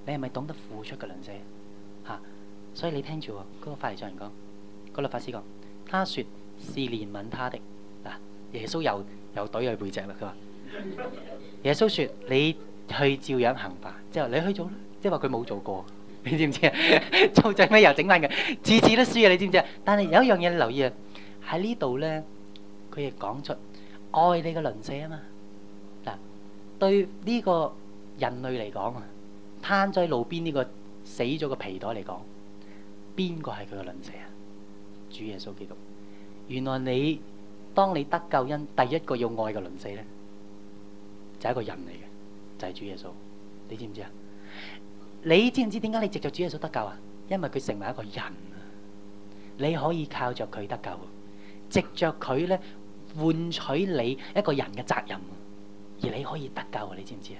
你係咪懂得付出嘅鄰舍？所以你聽住喎，嗰個法利賽人講，嗰律法師講，他說是憐憫他的嗱。耶穌又又懟佢背脊啦。佢話：耶穌説你去照樣行吧。即係話你去做啦，即係話佢冇做過。你知唔知啊？粗製咩又整翻嘅，次次都輸啊！你知唔知啊？但係有一樣嘢你留意啊，喺呢度咧，佢亦講出愛你嘅鄰舍啊嘛嗱。對呢個人類嚟講啊，攤在路邊呢個死咗個皮袋嚟講。邊個係佢嘅鄰舍啊？主耶穌基督，原來你當你得救恩第一個要愛嘅鄰舍呢，就係一個人嚟嘅，就係主耶穌。你知唔知啊？你知唔知點解你藉着主耶穌得救啊？因為佢成為一個人啊，你可以靠着佢得救，藉着佢呢，換取你一個人嘅責任，而你可以得救啊！你知唔知啊？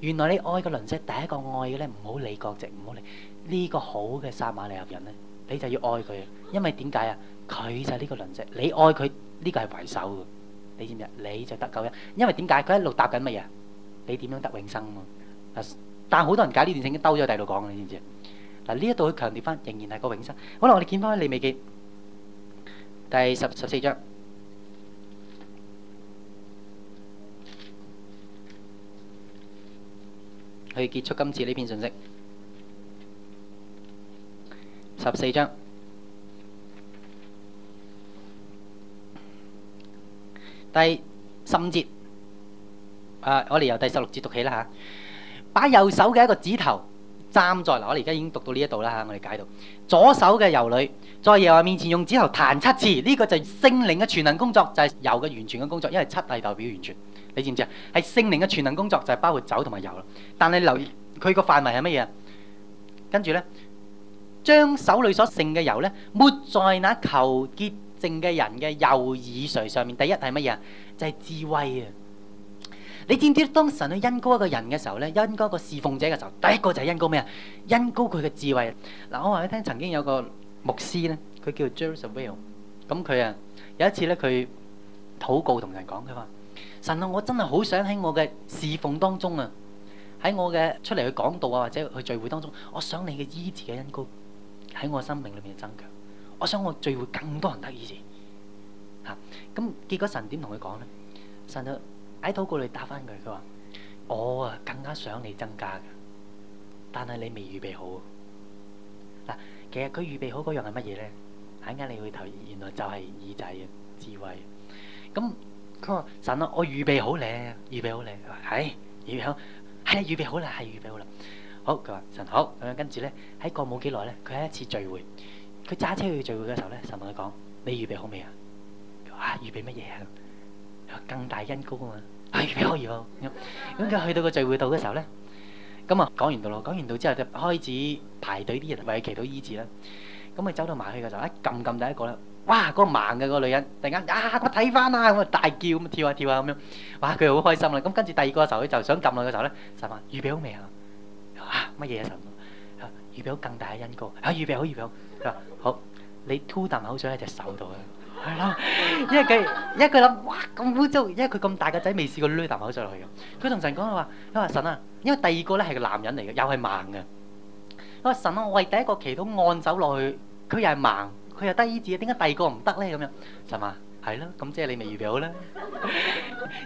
原來你愛嘅鄰舍第一個愛嘅呢，唔好理國籍，唔好理。呢個好嘅撒瑪利亞人咧，你就要愛佢，因為點解啊？佢就係呢個鄰舍，你愛佢呢個係為首嘅，你知唔知啊？你就得救嘅，因為點解？佢一路答緊乜嘢？你點樣得永生啊？但係好多人解呢段聖經兜咗第二度講，你知唔知啊？嗱，呢一度佢強調翻，仍然係個永生。好啦，我哋見翻利未記第十十四章，去結束今次呢篇信息。十四章，第十五節啊，我哋由第十六節讀起啦吓、啊。把右手嘅一個指頭，站在嗱、啊，我哋而家已經讀到呢一度啦吓，我哋解到左手嘅油裏，在耶和華面前用指頭彈七次，呢、這個就聖靈嘅全能工作，就係油嘅完全嘅工作，因為七係代表完全，你知唔知啊？係聖靈嘅全能工作就係、是、包括酒同埋油啦。但係留意佢個範圍係乜嘢？跟住咧。將手裏所剩嘅油咧，抹在那求潔淨嘅人嘅右耳垂上面。第一係乜嘢啊？就係智慧啊！你知唔知當神去恩膏一個人嘅時候咧，恩膏個侍奉者嘅時候，第一個就係恩膏咩啊？恩膏佢嘅智慧。嗱，我話你聽，曾經有個牧師咧，佢叫 Joseph Will，咁佢啊有一次咧，佢禱告同人講佢話：神啊，我真係好想喺我嘅侍奉當中啊，喺我嘅出嚟去講道啊或者去聚會當中，我想你嘅醫治嘅恩膏。喺我生命裏面增強，我想我聚會更多人得意啲，嚇、啊！咁結果神點同佢講呢？神就喺禱告裏打翻佢，佢話：我啊更加想你增加㗎，但係你未預備好。嗱、啊，其實佢預備好嗰樣係乜嘢呢？等間你會睇，原來就係耳仔嘅智慧。咁佢話：神啊，我預備好咧，預備好咧。佢話：唉，預備好，係啊，預備好啦，係、哎、預備好啦。哎好，佢話神好咁樣，跟住咧喺過冇幾耐咧，佢喺一次聚會，佢揸車去聚會嘅時候咧，神同佢講：你預備好未啊？話預備乜嘢啊？更大恩膏啊嘛！哎，預備好喎。咁佢去到個聚會度嘅時候咧，咁啊講完到咯，講完到之後就開始排隊啲人為佢祈禱醫治啦。咁佢走到埋去嘅時候，一撳撳第一個啦，哇！嗰個盲嘅嗰個女人突然間啊，我睇翻啦，我大叫咁跳下跳下咁樣，哇！佢好開心啦。咁跟住第二個嘅時候，佢就想撳落嘅時候咧，神話預備好未啊？乜嘢呀神？預備好更大嘅恩膏。嚇，預備好，預備好。佢話好，你吐啖口水喺隻手度啊！係咯，因為佢因為佢諗，哇，咁污糟，因為佢咁大個仔未試過吐啖口水落去嘅。佢同神講：佢話，佢話神啊，因為第二個咧係個男人嚟嘅，又係盲嘅。佢話神啊，我為第一個祈禱按走落去，佢又係盲，佢又低字，點解第二個唔得咧？咁樣神話係咯，咁即係你未預備好啦。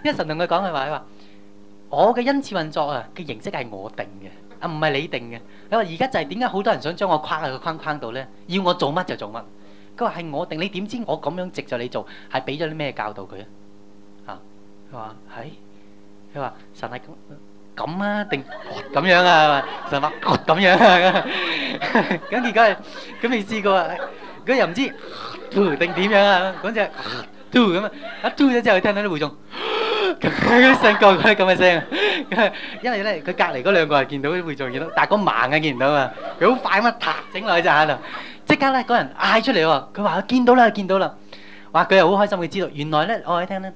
因為神同佢講：佢話佢話，我嘅恩賜運作啊，嘅形式係我定嘅。啊，唔係你定嘅。佢話而家就係點解好多人想將我框喺個框框度咧？要我做乜就做乜。佢話係我定，你點知我咁樣值就你做，係俾咗啲咩教導佢啊？啊，佢話係。佢話神係咁咁啊，定咁樣啊？神話咁樣。咁而家，咁未試過啊？咁又唔知定點樣啊？嗰隻。do 咁啊！一 do 咗之後，聽到啲會眾，嗰啲細個嗰啲咁嘅聲，因為咧佢隔離嗰兩個人係見到啲會眾，見到，但係嗰盲嘅見唔到啊嘛！佢好快咁樣一彈，整落去就喺度，即刻咧嗰人嗌出嚟喎，佢話佢見到啦，見到啦！哇，佢又好開心，佢知道原來咧，我哋聽到。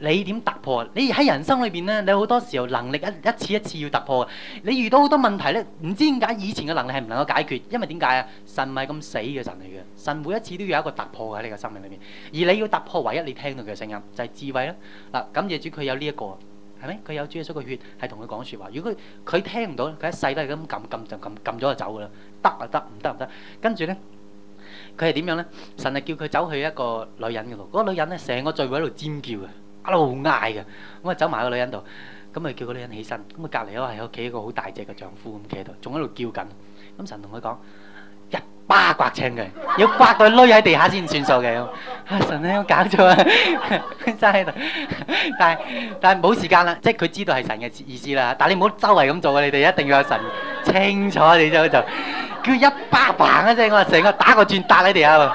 你點突破？你喺人生裏邊咧，你好多時候能力一一,一次一次要突破嘅。你遇到好多問題咧，唔知點解以前嘅能力係唔能夠解決，因為點解啊？神唔係咁死嘅神嚟嘅，神每一次都要有一個突破喺你嘅生命裏面。而你要突破，唯一你聽到佢嘅聲音就係智慧啦嗱。咁耶主佢有呢一個係咪？佢有主耶穌嘅血係同佢講説話。如果佢聽唔到，佢一世都係咁撳撳就撳咗就走噶啦，得啊得，唔得唔得。跟住咧，佢係點樣咧？神係叫佢走去一個女人嘅度，嗰個女人咧成個聚會喺度尖叫嘅。一路嗌嘅，咁啊走埋個女人度，咁啊叫個女人起身，咁啊隔籬屋係屋企一個好大隻嘅丈夫咁企喺度，仲喺度叫緊，咁神同佢講：一巴刮青佢，要刮到佢喺地下先算數嘅。阿神你有冇搞錯啊？佢真喺度，但係但係冇時間啦，即係佢知道係神嘅意思啦。但係你唔好周圍咁做啊，你哋一定要有神清楚你先去做。叫一巴嘭一聲，我話成個打個轉打喺地下。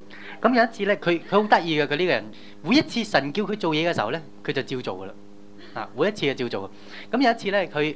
咁有一次咧，佢佢好得意嘅，佢呢個人，每一次神叫佢做嘢嘅時候咧，佢就照做噶啦，啊，每一次就照做嘅。咁有一次咧，佢。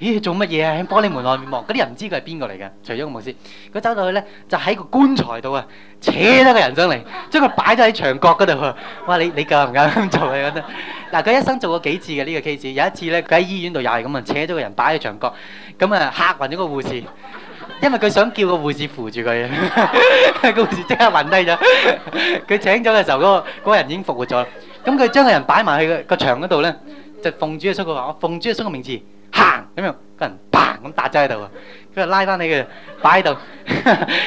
咦，做乜嘢啊？喺玻璃門外面望，嗰啲人唔知佢係邊個嚟嘅，除咗個牧師。佢走到去咧，就喺個棺材度啊，扯咗個人上嚟，將佢擺咗喺牆角嗰度。哇，你你夠唔夠咁做啊？嗰啲。嗱，佢一生做過幾次嘅呢、呢個 case。有一次咧，佢喺醫院度又係咁啊，扯咗個人擺喺牆角，咁啊嚇暈咗個護士，因為佢想叫個護士扶住佢，啊。 護士即刻暈低咗。佢請咗嘅時候，嗰、嗰個嗰個人已經復活咗。咁佢將個人擺埋去個個牆嗰度咧，就奉主嘅叔嘅話，我奉主嘅叔嘅名字。行咁樣，嗰人嘭咁搭咗喺度啊！佢又拉翻你嘅，擺喺度。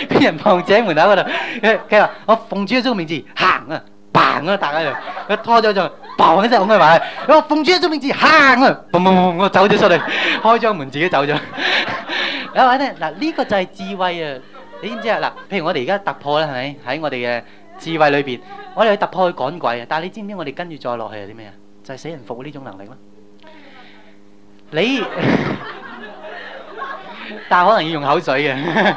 啲人望住喺門口嗰度。佢佢話：我奉主嘅宗名字行啊！嘭咁打喺度，佢拖咗就嘭一聲咁樣埋。我奉主嘅宗名字行啊！嘣嘣嘣，我走咗出嚟，開張門自己走咗。你話咧嗱，呢個就係智慧啊！你知唔知啊？嗱，譬如我哋而家突破啦，係咪？喺我哋嘅智慧裏邊，我哋去突破去趕鬼啊！但係你知唔知我哋跟住再落去係啲咩啊？就係死人服呢種能力啦。你，但係可能要用口水嘅。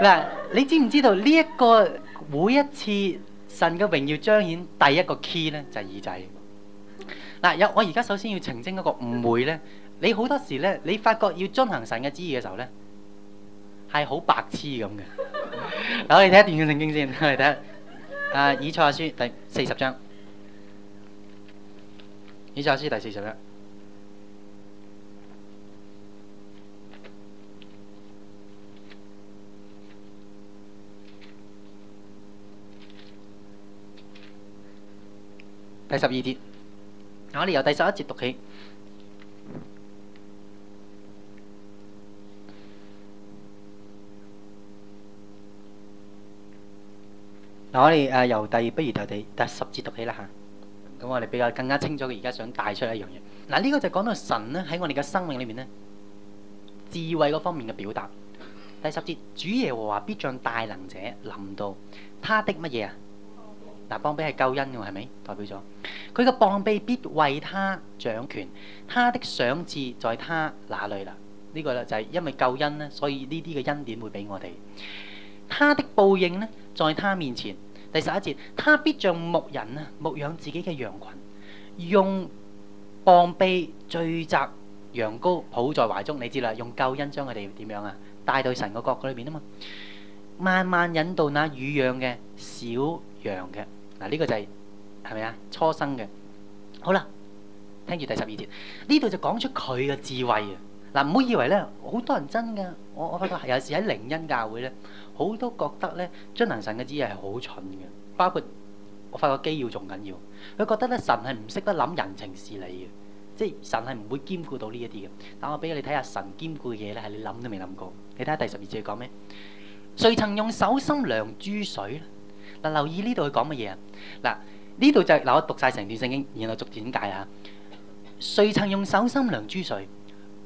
嗱，你知唔知道呢一個，每一次神嘅榮耀彰顯，第一個 key 咧就係耳仔。嗱，有我而家首先要澄清一個誤會咧，你好多時咧，你發覺要遵行神嘅旨意嘅時候咧，係好白痴咁嘅。嗱，我哋睇一段嘅聖經先，我哋睇下《啊以賽亞書》第四十章，《以賽亞書》第四十一。第十二節，我哋由第十一節讀起。嗱，我哋誒，由第二不如由第第十節讀起啦吓，咁我哋比較更加清楚佢而家想帶出嚟一樣嘢。嗱、啊、呢、呢個就講到神咧喺我哋嘅生命裏面咧智慧嗰方面嘅表達。第十節，主耶和華必將大能者臨到他的乜嘢啊？嗱，膀臂係救恩嘅，係咪？代表咗佢嘅膀臂必為他掌權，他的賞賜在他那裡啦。呢、這個咧就係因為救恩呢，所以呢啲嘅恩典會俾我哋。他的報應呢，在他面前。第十一節，他必像牧人啊，牧養自己嘅羊群，用膀臂聚集羊羔，抱在懷中。你知啦，用救恩將佢哋點樣啊，帶到神嘅國裏邊啊嘛。慢慢引導那乳養嘅小羊嘅。嗱，呢個就係係咪啊，初生嘅，好啦，聽住第十二節呢度就講出佢嘅智慧啊。嗱，唔好以為咧，好多人真㗎，我我發覺有時喺靈恩教會咧，好多覺得咧，將能神嘅知識係好蠢嘅，包括我發覺機要仲緊要，佢覺得咧，神係唔識得諗人情事理嘅，即係神係唔會兼顧到呢一啲嘅。等我俾你睇下神兼顧嘅嘢咧，係你諗都未諗過。你睇下第十二節講咩？誰曾用手心量諸水咧？嗱，留意呢度佢講乜嘢啊？嗱，呢度就係我讀曬成段聖經，然後逐段解啊。誰曾用手心量諸水？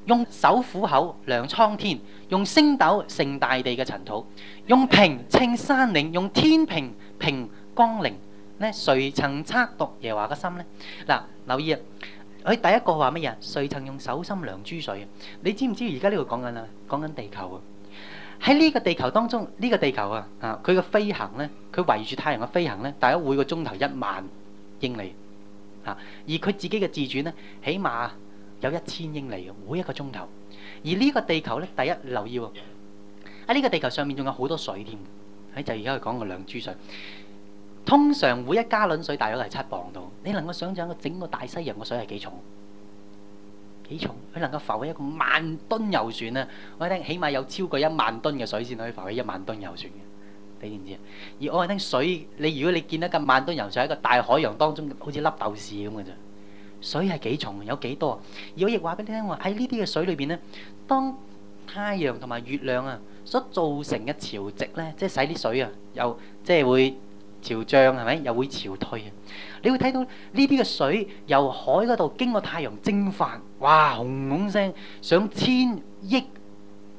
用手虎口量蒼天？用星斗秤大地嘅塵土？用秤稱山嶺？用天平平岡陵？咧誰曾測度耶和華嘅心咧？嗱，留意啊！佢第一個話乜嘢啊？誰曾用手心量諸水啊？你知唔知而家呢度講緊啊？講緊地球啊！喺呢個地球當中，呢、呢個地球啊，啊，佢嘅飛行咧，佢圍住太陽嘅飛行咧，大約每個鐘頭一萬英里，啊，而佢自己嘅自轉咧，起碼有一千英里嘅每一個鐘頭。而呢個地球咧，第一留意喎、哦，喺呢個地球上面仲有好多水添，喺就而家佢講個兩 G 水，通常每一加侖水大約係七磅度，你能夠想象個整個大西洋嘅水係幾重？幾重？佢能夠浮起一個萬噸遊船咧，我聽起碼有超過一萬噸嘅水先可以浮起一萬噸遊船嘅，你知唔知啊？而我係聽水，你如果你見得咁萬噸遊船喺個大海洋當中，好似粒豆豉咁嘅咋？水係幾重？有幾多？而我亦話俾你聽喎，喺呢啲嘅水裏邊咧，當太陽同埋月亮啊所造成嘅潮汐咧，即係使啲水啊，又即係會潮漲，係咪？又會潮退啊？你會睇到呢啲嘅水由海嗰度經過太陽蒸發，哇！轟隆聲，上千億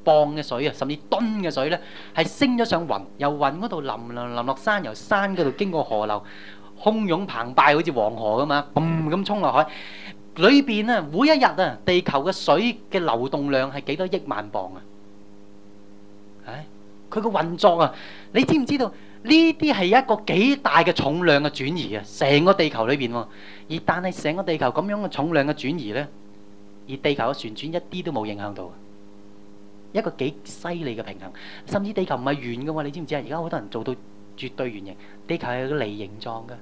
磅嘅水啊，甚至噸嘅水咧，係升咗上雲，由雲嗰度淋淋淋落山，由山嗰度經過河流洶湧澎湃，好似黃河咁啊，嘣咁衝落海。裏邊啊，每一日啊，地球嘅水嘅流動量係幾多億萬磅啊？唉，佢個運作啊，你知唔知道？呢啲係一個幾大嘅重量嘅轉移啊！成個地球裏邊喎，而但係成個地球咁樣嘅重量嘅轉移呢，而地球嘅旋轉一啲都冇影響到，啊。一個幾犀利嘅平衡。甚至地球唔係圓嘅喎，你知唔知啊？而家好多人做到絕對圓形，地球係個梨形狀嘅。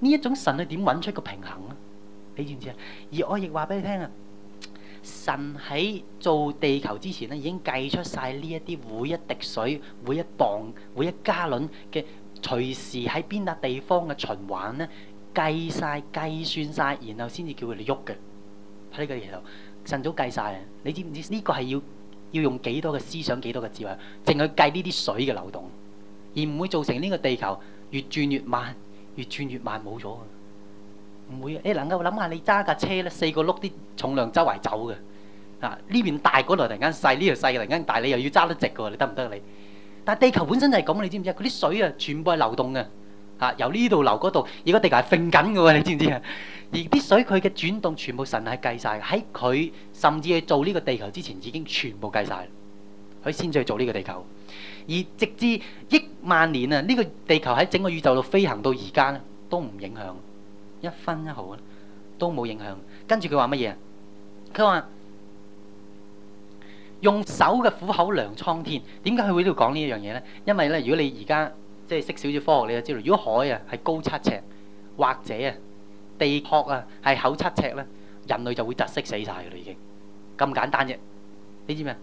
呢一種神係點揾出個平衡啊？你知唔知啊？而我亦話俾你聽啊！神喺做地球之前咧，已經計出晒呢一啲每一滴水、每一磅、每一加侖嘅隨時喺邊笪地方嘅循環咧，計晒、計算晒，然後先至叫佢哋喐嘅喺呢個地球，神早計晒。啊！你知唔知呢個係要要用幾多嘅思想、幾多嘅智慧，淨去計呢啲水嘅流動，而唔會造成呢個地球越轉越慢、越轉越慢冇咗。唔會你能夠諗下，你揸架車咧，四個轆啲重量周圍走嘅啊！呢邊大嗰度突然間細，呢度細突然間大，你又要揸得直嘅喎，你得唔得？你但係地球本身就係咁，你知唔知啊？佢啲水啊，全部係流動嘅啊，由呢度流嗰度。而個地球係揈緊嘅喎，你知唔知啊？而啲水佢嘅轉動全部神係計晒嘅，喺佢甚至去做呢個地球之前已經全部計晒。佢先至做呢個地球。而直至億萬年啊，呢個地球喺整個宇宙度飛行到而家都唔影響。一分一毫咧，都冇影響。跟住佢話乜嘢？佢話用手嘅虎口量蒼天。點解佢會呢度講呢一樣嘢呢？因為咧，如果你而家即係識少少科學，你就知道，如果海啊係高七尺，或者啊地殼啊係厚七尺咧，人類就會窒息死晒噶啦，已經咁簡單啫。你知咩？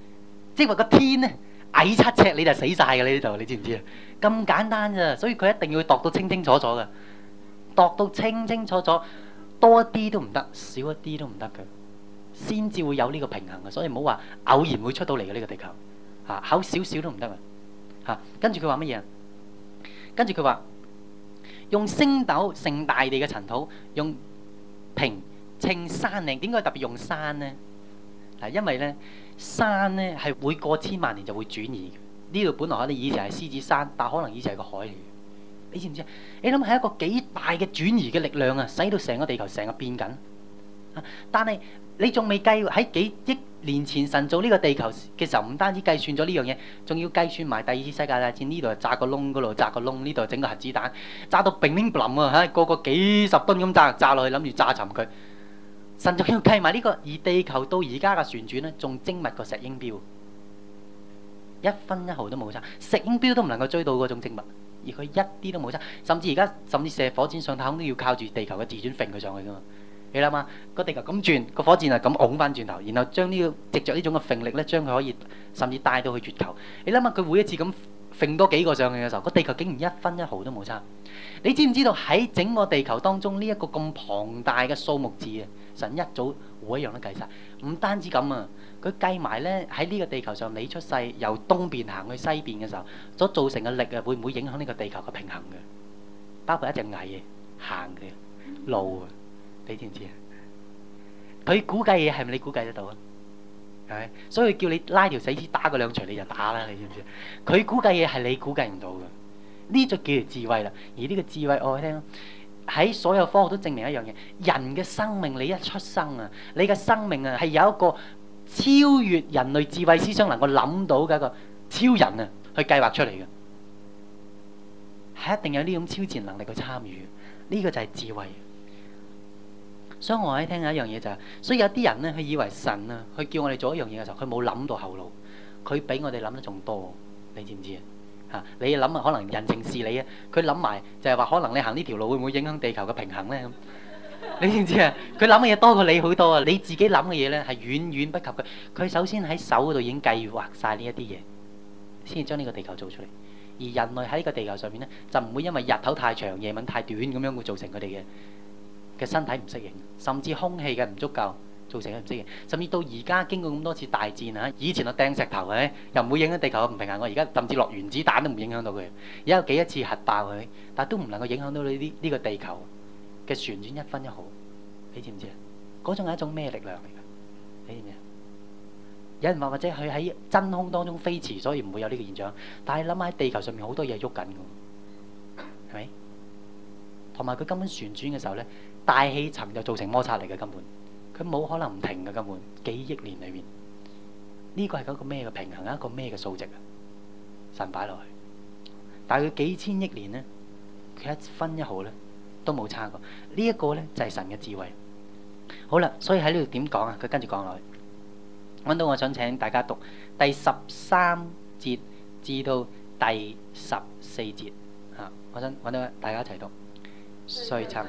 即係話個天咧矮七尺你就死晒噶啦，呢度你知唔知啊？咁簡單咋，所以佢一定要度到清清楚楚噶。落到清清楚楚，多一啲都唔得，少一啲都唔得嘅，先至會有呢個平衡嘅。所以唔好話偶然會出到嚟嘅呢個地球，嚇、啊，厚少少都唔得嘅，嚇、啊。跟住佢話乜嘢？跟住佢話用升斗盛大地嘅塵土，用平稱山嶺。點解特別用山呢？嗱，因為呢，山呢係會過千萬年就會轉移嘅。呢度本來可能以前係獅子山，但可能以前係個海嚟。你知唔知啊？你諗係一個幾大嘅轉移嘅力量啊，使到成個地球成日變緊。啊！但係你仲未計喺幾億年前神造呢個地球嘅時候，唔單止計算咗呢樣嘢，仲要計算埋第二次世界大戰，呢度炸個窿嗰度炸個窿，呢度整個核子彈炸到冰冰冧啊！吓，個個幾十噸咁炸，炸落去諗住炸沉佢。神仲要計埋呢個以地球到而家嘅旋轉咧，仲精密過石英錶，一分一毫都冇差，石英錶都唔能夠追到嗰種精密。而佢一啲都冇差，甚至而家甚至射火箭上太空都要靠住地球嘅自轉揈佢上去噶嘛？你諗下，個地球咁轉，個火箭係咁拱翻轉頭，然後將呢個藉着呢種嘅力咧，將佢可以甚至帶到去月球。你諗下佢每一次咁揈多幾個上去嘅時候，個地球竟然一分一毫都冇差。你知唔知道喺整個地球當中呢一個咁龐大嘅數目字啊？神一早每樣都計晒，唔單止咁啊！佢計埋咧喺呢個地球上，你出世由東邊行去西邊嘅時候，所造成嘅力啊，會唔會影響呢個地球嘅平衡嘅？包括一隻蟻行嘅路啊，你知唔知啊？佢估計嘢係咪你估計得到啊？係咪？所以叫你拉條死屍打個兩錘你就打啦，你知唔知？佢估計嘢係你估計唔到嘅，呢就叫做智慧啦。而呢個智慧，我聽喺所有科學都證明一樣嘢：人嘅生命，你一出生啊，你嘅生命啊係有一個。超越人類智慧思想能夠諗到嘅一個超人啊，去計劃出嚟嘅，係一定有呢種超前能力去參與。呢個就係智慧。所以我喺聽一樣嘢就係，所以有啲人咧，佢以為神啊，佢叫我哋做一樣嘢嘅時候，佢冇諗到後路，佢比我哋諗得仲多。你知唔知啊？嚇，你諗下，可能人情事理啊，佢諗埋就係話，可能你行呢條路會唔會影響地球嘅平衡咧？你知唔知啊？佢諗嘅嘢多過你好多啊！你自己諗嘅嘢咧，係遠遠不及佢。佢首先喺手嗰度已經計劃晒呢一啲嘢，先至將呢個地球做出嚟。而人類喺呢個地球上面咧，就唔會因為日頭太長、夜晚太短咁樣會造成佢哋嘅嘅身體唔適應，甚至空氣嘅唔足夠造成唔適應。甚至到而家經過咁多次大戰啊，以前我掟石頭咧，又唔會影響地球嘅唔平衡。我而家甚至落原子彈都唔影響到佢。而家有幾多次核爆佢，但都唔能夠影響到你呢、呢個地球。嘅旋轉一分一毫，你知唔知啊？嗰種係一種咩力量嚟噶？你知唔知啊？有人話或者佢喺真空當中飛馳，所以唔會有呢個現象。但係諗下喺地球上面好多嘢喐緊嘅，係咪？同埋佢根本旋轉嘅時候呢，大氣層就造成摩擦嚟嘅根本。佢冇可能唔停嘅根本，幾億年裏面呢個係嗰個咩嘅平衡一個咩嘅數值啊？神擺落去，但係佢幾千億年呢，佢一分一毫呢。都冇差過，呢一個呢就係神嘅智慧。好啦，所以喺呢度點講啊？佢跟住講落去，揾到我想請大家讀第十三節至到第十四節。嚇，揾翻揾翻，大家一齊讀。誰曾？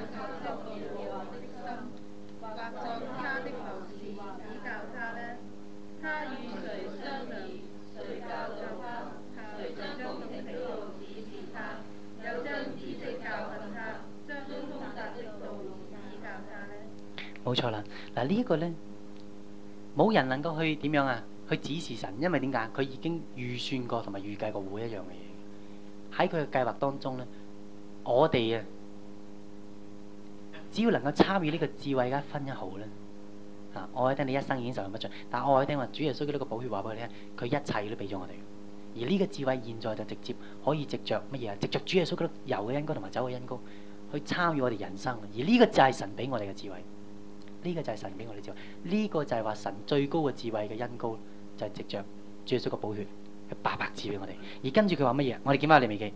冇錯啦。嗱、這個、呢一個咧，冇人能夠去點樣啊？去指示神，因為點解？佢已經預算過同埋預計過每一樣嘅嘢喺佢嘅計劃當中咧。我哋啊，只要能夠參與呢個智慧嘅一分一毫咧啊，我愛聽你一生已經受用不盡。但我愛聽話，主耶穌基督呢個寶血話俾你聽，佢一切都俾咗我哋。而呢個智慧現在就直接可以藉著乜嘢啊？藉著主耶穌基督嘅油嘅恩膏同埋酒嘅恩膏去參與我哋人生。而呢個就係神俾我哋嘅智慧。呢個就係神俾我哋智慧，呢、這個就係話神最高嘅智慧嘅恩膏，就係藉著主所嘅寶血，白白賜俾我哋。而跟住佢話乜嘢？我哋記嗎？你未記？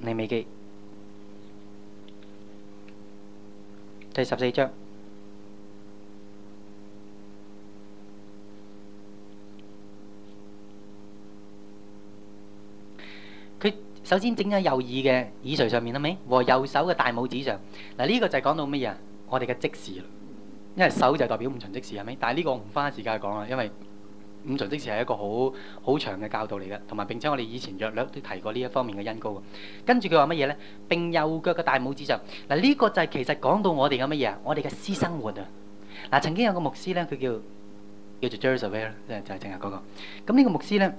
你未記？第十四章。首先整喺右耳嘅耳垂上面，係咪？和右手嘅大拇指上，嗱呢個就係講到乜嘢啊？我哋嘅即時，因為手就代表五旬即時，係咪？但係呢個我唔花時間去講啦，因為五旬即時係一個好好長嘅教導嚟嘅，同埋並且我哋以前略略都提過呢一方面嘅恩膏。跟住佢話乜嘢咧？並右腳嘅大拇指上，嗱呢個就係其實講到我哋嘅乜嘢啊？我哋嘅私生活啊！嗱，曾經有個牧師咧，佢叫叫做 Jeremiah，即係就係正日嗰個。咁呢個牧師咧，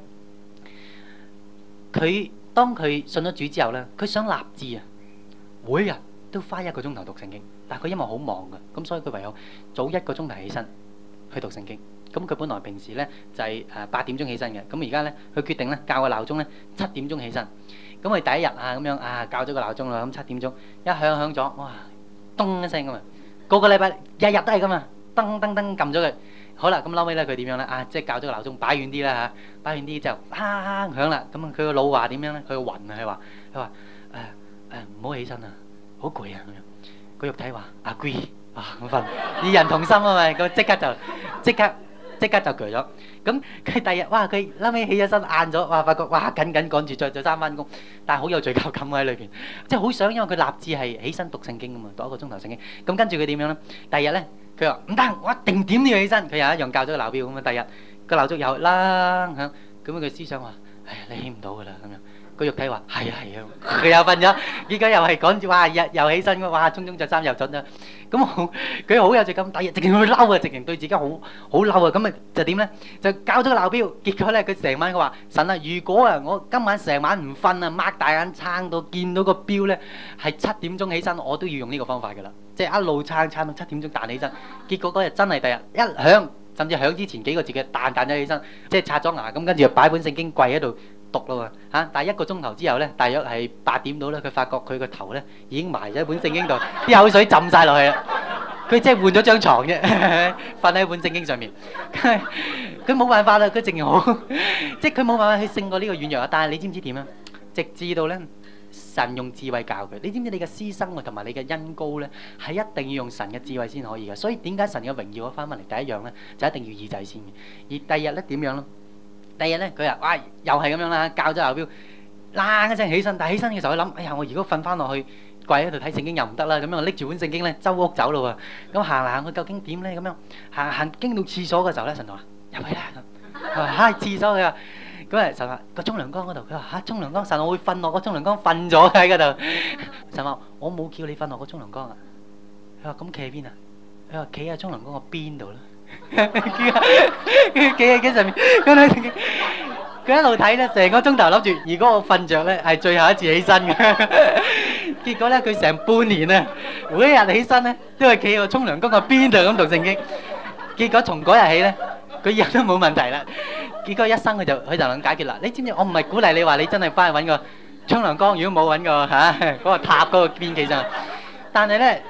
佢。當佢信咗主之後咧，佢想立志啊，每日都花一個鐘頭讀聖經，但係佢因為好忙㗎，咁所以佢唯有早一個鐘頭起身去讀聖經。咁佢本來平時咧就係誒八點鐘起身嘅，咁而家咧佢決定咧教個鬧鐘咧七點鐘起身。咁佢第一日啊咁樣啊教咗個鬧鐘啦，咁七點鐘一響響咗，哇咚一聲咁啊，個個禮拜日日都係咁啊，噔噔噔撳咗佢。好啦，咁後尾咧佢點樣咧？啊，即係校咗個鬧鐘，擺遠啲啦嚇，擺遠啲就砰響啦。咁佢個腦話點樣咧？佢個魂啊，佢話佢話誒誒，唔好起身啊，好攰啊咁樣。個肉體話阿 Grace 哇唔瞓，二人同心啊嘛，佢即刻就即刻即刻就攰咗。咁佢第日哇，佢後尾起咗身，晏咗哇，發覺哇緊緊趕住再做三返工，但係好有罪疚感喺裏邊，即係好想因為佢立志係起身讀聖經噶嘛，讀一個鐘頭聖經。咁跟住佢點樣咧？第二日咧。佢話，唔得，我一定點都要起身。佢又一樣教咗個鬧鐘咁啊。第日個鬧鐘又響啦，咁樣佢思想話：唉，你起唔到噶啦咁樣。啊個肉體話：係啊係啊，佢、啊啊、 又瞓咗。依家又係趕住哇，又又起身嘅，哇，匆匆著衫又走咗。咁佢好有成咁，感，日直情會嬲啊，直情對自己好好嬲啊。咁咪就點咧？就搞咗個鬧表。結果咧，佢成晚佢話神啊！如果啊，我今晚成晚唔瞓啊，擘大眼撐到見到個表咧，係七點鐘起身，我都要用呢個方法嘅啦。即、就、係、是、一路撐撐到七點鐘彈起身。結果嗰日真係第日一響，甚至響之前幾個字嘅彈彈咗起身，即係刷咗牙，咁跟住擺本聖經跪喺度。讀啦嘛嚇！但係一個鐘頭之後咧，大約係八點到咧，佢發覺佢個頭咧已經埋咗喺本聖經度，啲口水浸曬落去啦。佢即係換咗張牀啫，瞓喺本聖經上面。佢冇辦法啦，佢仍然好，即係佢冇辦法去勝過呢個軟弱啊！但係你知唔知點啊？直至到咧，神用智慧教佢，你知唔知你嘅私生活同埋你嘅恩膏咧，係一定要用神嘅智慧先可以嘅。所以點解神嘅榮耀翻返嚟第一樣咧，就一定要耳仔先嘅。而第二日咧點樣咯？第二日咧，佢話，哇，又係咁樣啦，教咗劉標，嗱一聲起身，但起身嘅時候佢諗，哎呀，我如果瞓翻落去，跪喺度睇聖經又唔得啦，咁樣拎住本聖經咧，周屋走咯喎。咁行嚟行去究竟點咧？咁樣行行經到廁所嘅時候咧，神話入去啦咁。嚇，廁所佢話，咁啊神話個沖涼缸嗰度，佢話嚇，沖涼缸神話會瞓落個沖涼缸瞓咗喺嗰度。神話我冇叫你瞓落個沖涼缸啊。佢話咁企喺邊啊？佢話企喺沖涼缸個邊度咧。佢佢企喺佢上面，佢佢佢一路睇咧，成個鐘頭諗住，如果我瞓着咧，係最後一次起身嘅。結果咧，佢成半年啊，每一日起身咧，都係企喺個沖涼缸個邊度咁讀聖經。結果從嗰日起咧，佢日日都冇問題啦。結果一生佢就佢就咁解決啦。你知唔知？我唔係鼓勵你話你真係翻去搵個沖涼缸，如果冇搵個吓嗰個塔嗰個邊幾就。但係咧，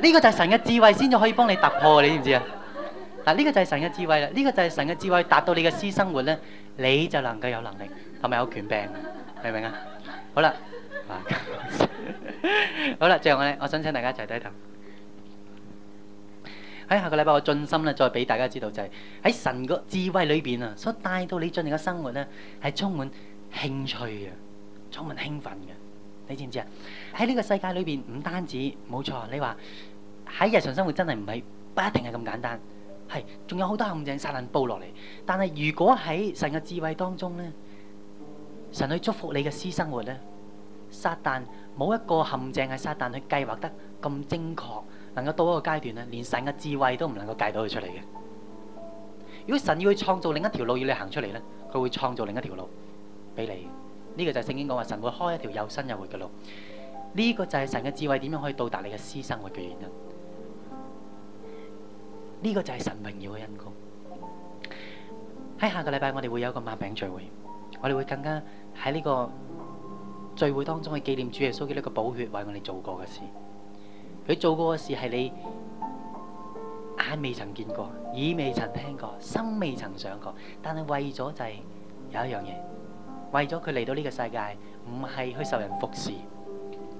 呢個就係神嘅智慧先至可以幫你突破啊！你知唔知啊？嗱，呢個就係神嘅智慧啦。呢個就係神嘅智慧，達到你嘅私生活咧，你就能夠有能力同埋有權柄，明唔明啊？好啦，好啦，最後我咧，我想請大家一齊低頭喺下個禮拜，我盡心咧再俾大家知道，就係喺神個智慧裏邊啊，所帶到你進嚟嘅生活咧，係充滿興趣嘅，充滿興奮嘅。你知唔知啊？喺呢個世界裏邊，唔單止冇錯，你話喺日常生活真係唔係不一定係咁簡單。係，仲有好多陷阱，撒旦布落嚟。但係如果喺神嘅智慧當中咧，神去祝福你嘅私生活咧，撒旦冇一個陷阱係撒旦去計劃得咁精確，能夠到一個階段咧，連神嘅智慧都唔能夠計到佢出嚟嘅。如果神要去創造另一條路要你行出嚟咧，佢會創造另一條路俾你。呢個就係聖經講話神會開一條又新又活嘅路。呢個就係神嘅智慧點樣可以到達你嘅私生活嘅原因。呢個就係神榮耀嘅恩公。喺下個禮拜我哋會有一個晚餅聚會，我哋會更加喺呢個聚會當中嘅紀念主耶穌基督嘅寶血為我哋做過嘅事。佢做過嘅事係你眼未曾見過、耳未曾聽過、心未曾想過，但係為咗就係有一樣嘢，為咗佢嚟到呢個世界，唔係去受人服侍，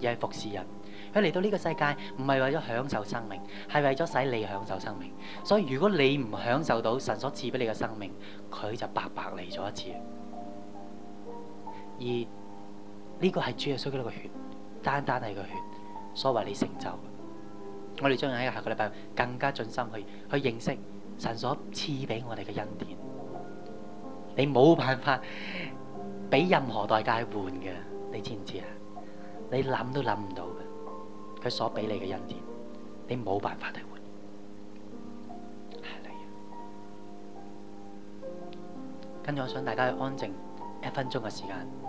而係服侍人。佢嚟到呢個世界，唔係為咗享受生命，係為咗使你享受生命。所以如果你唔享受到神所賜俾你嘅生命，佢就白白嚟咗一次。而呢、呢個係主耶穌嘅一個血，單單係個血，所謂你成就。我哋將喺下個禮拜更加盡心去去認識神所賜俾我哋嘅恩典。你冇辦法俾任何代價去換嘅，你知唔知啊？你諗都諗唔到。佢所給你嘅恩典，你冇辦法替換，啊啊。跟住我想大家去安靜一分鐘嘅時間。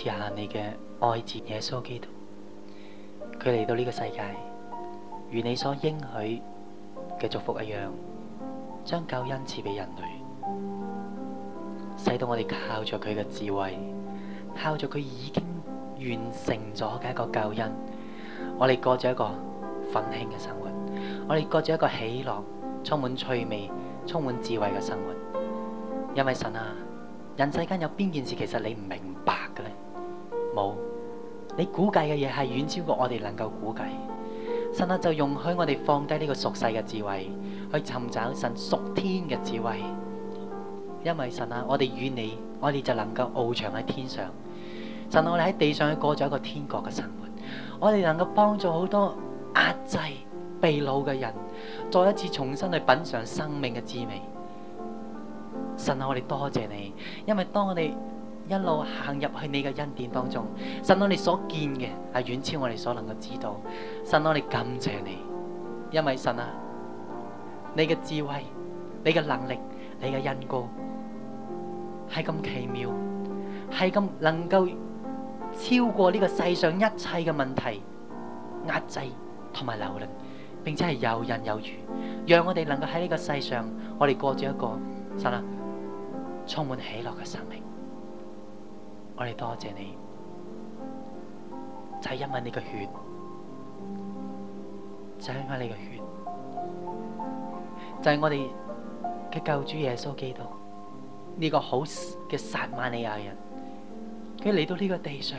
賜下你嘅愛子耶穌基督，佢嚟到呢個世界，如你所應許嘅祝福一樣，將救恩賜俾人類，使到我哋靠著佢嘅智慧，靠著佢已經完成咗嘅一個救恩，我哋過咗一個奮興嘅生活，我哋過咗一個喜樂、充滿趣味、充滿智慧嘅生活。因為神啊，人世間有邊件事其實你唔明白？你估計嘅嘢係遠超過我哋能夠估計，神啊，就容許我哋放低呢個俗世嘅智慧，去尋找神屬天嘅智慧。因為神啊，我哋與你，我哋就能夠翱翔喺天上。神啊，我哋喺地上去過咗一個天國嘅生活，我哋能夠幫助好多壓制、被老嘅人，再一次重新去品嘗生命嘅滋味。神啊，我哋多謝你，因為當我哋，一路行入去你嘅恩典當中，神啊，你所見嘅係遠超我哋所能夠知道。神啊，我哋感謝你，因為神啊，你嘅智慧、你嘅能力、你嘅恩膏係咁奇妙，係咁能夠超過呢個世上一切嘅問題、壓制同埋流凌，並且係游刃有餘，讓我哋能夠喺呢個世上，我哋過住一個神啊充滿喜樂嘅生命。我哋多謝你，就係、是、因為你嘅血，就係、是、因為你嘅血，就係、是、我哋嘅救主耶穌基督，呢、這個好嘅撒瑪利亞人，佢嚟到呢個地上，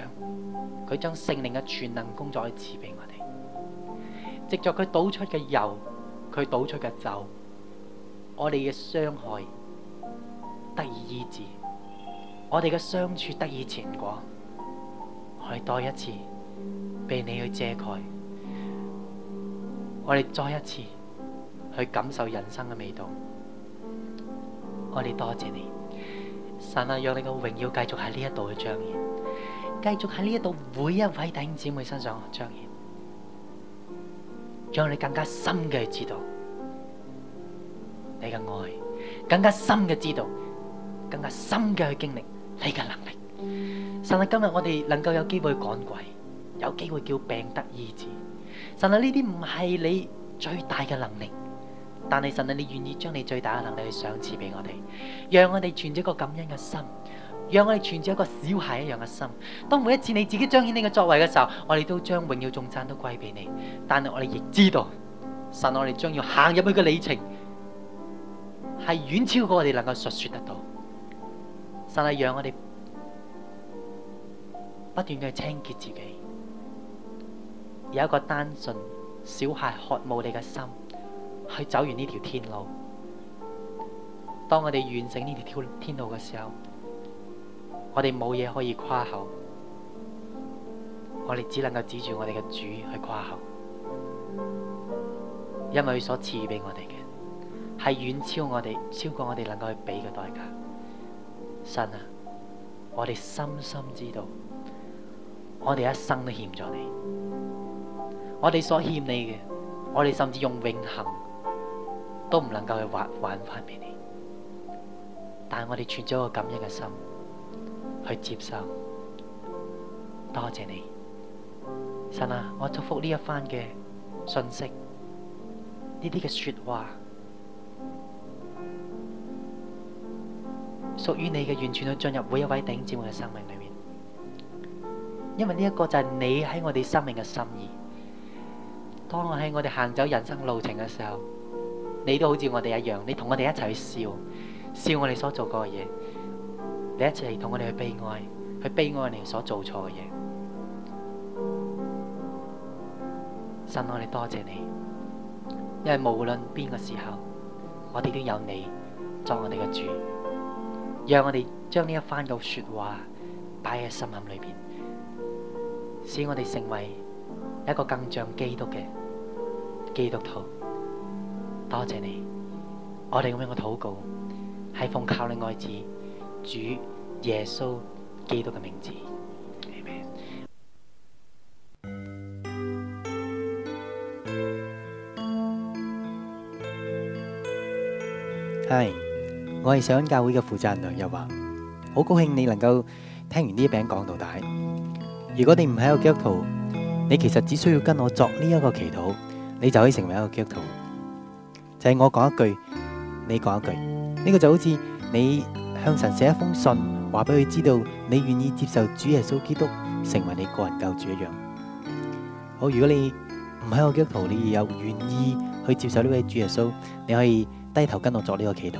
佢將聖靈嘅全能工作賜俾我哋，藉着佢倒出嘅油，佢倒出嘅酒，我哋嘅傷害得以醫治。我哋嘅相處得以成果，我哋多一次俾你去遮蓋，我哋再一次去感受人生嘅味道。我哋多謝你，神啊，讓你嘅榮耀繼續喺呢一度去彰顯，繼續喺呢一度每一位弟兄姊妹身上去彰顯，讓你更加深嘅知道你嘅愛，更加深嘅知道，更加深嘅去經歷。你嘅能力，神啊！今日我哋能夠有機會趕鬼，有機會叫病得醫治，神啊！呢啲唔係你最大嘅能力，但係神啊！你願意將你最大嘅能力去賞賜俾我哋，讓我哋存住一個感恩嘅心，讓我哋存住一個小孩一樣嘅心。當每一次你自己彰顯你嘅作為嘅時候，我哋都將榮耀頌讚都歸俾你。但係我哋亦知道，神啊，我哋將要行入去嘅里程係遠超過我哋能夠述說得到。神係讓我哋不斷嘅清潔自己，有一個單純、小孩渴慕你嘅心去走完呢條天路。當我哋完成呢條天路嘅時候，我哋冇嘢可以誇口，我哋只能夠指住我哋嘅主去誇口，因為佢所賜俾我哋嘅係遠超我哋，超過我哋能夠去俾嘅代價。神啊，我哋深深知道，我哋一生都欠咗你，我哋所欠你嘅，我哋甚至用永恒都唔能夠去還還返俾你，但係我哋存咗個感恩嘅心去接受，多謝你，神啊，我祝福呢一番嘅信息，呢啲嘅說話。屬於你嘅，完全去進入每一位弟兄姊妹嘅生命裏面。因為呢一個就係你喺我哋生命嘅心意。當我喺我哋行走人生路程嘅時候，你都好似我哋一樣，你同我哋一齊去笑笑我哋所做過嘅嘢，你一齊同我哋去悲哀去悲哀你所做錯嘅嘢。神，我哋多謝你，因為無論邊個時候，我哋都有你作我哋嘅主。讓我哋將呢一番嘅說話擺喺心坎裏邊，使我哋成為一個更像基督嘅基督徒。多謝你，我哋咁樣嘅禱告係奉靠你愛子，主耶穌基督嘅名字。阿門。係。我係上恩教會嘅負責人，又話好高興你能夠聽完呢一餅講到大。如果你唔喺個基督徒，你其實只需要跟我作呢一個祈禱，你就可以成為一個基督徒。就係我講一句，你講一句，呢個就好似你向神寫一封信，話俾佢知道你願意接受主耶穌基督成為你個人救主一樣。好，如果你唔喺個基督徒，你又願意去接受呢位主耶穌，你可以低頭跟我作呢個祈禱。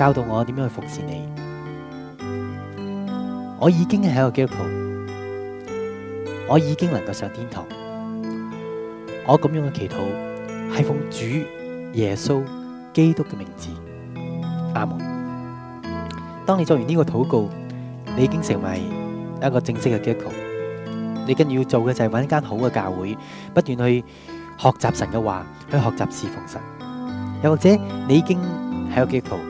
教到我點樣去服侍你，我已經係一個基督徒，我已經能夠上天堂。我咁樣嘅祈禱係奉主耶穌基督嘅名字，阿門。當你做完呢個禱告，你已經成為一個正式嘅基督徒。你跟住要做嘅就係搵一間好嘅教會，不斷去學習神嘅話，去學習侍奉神。又或者你已經係一個基督徒。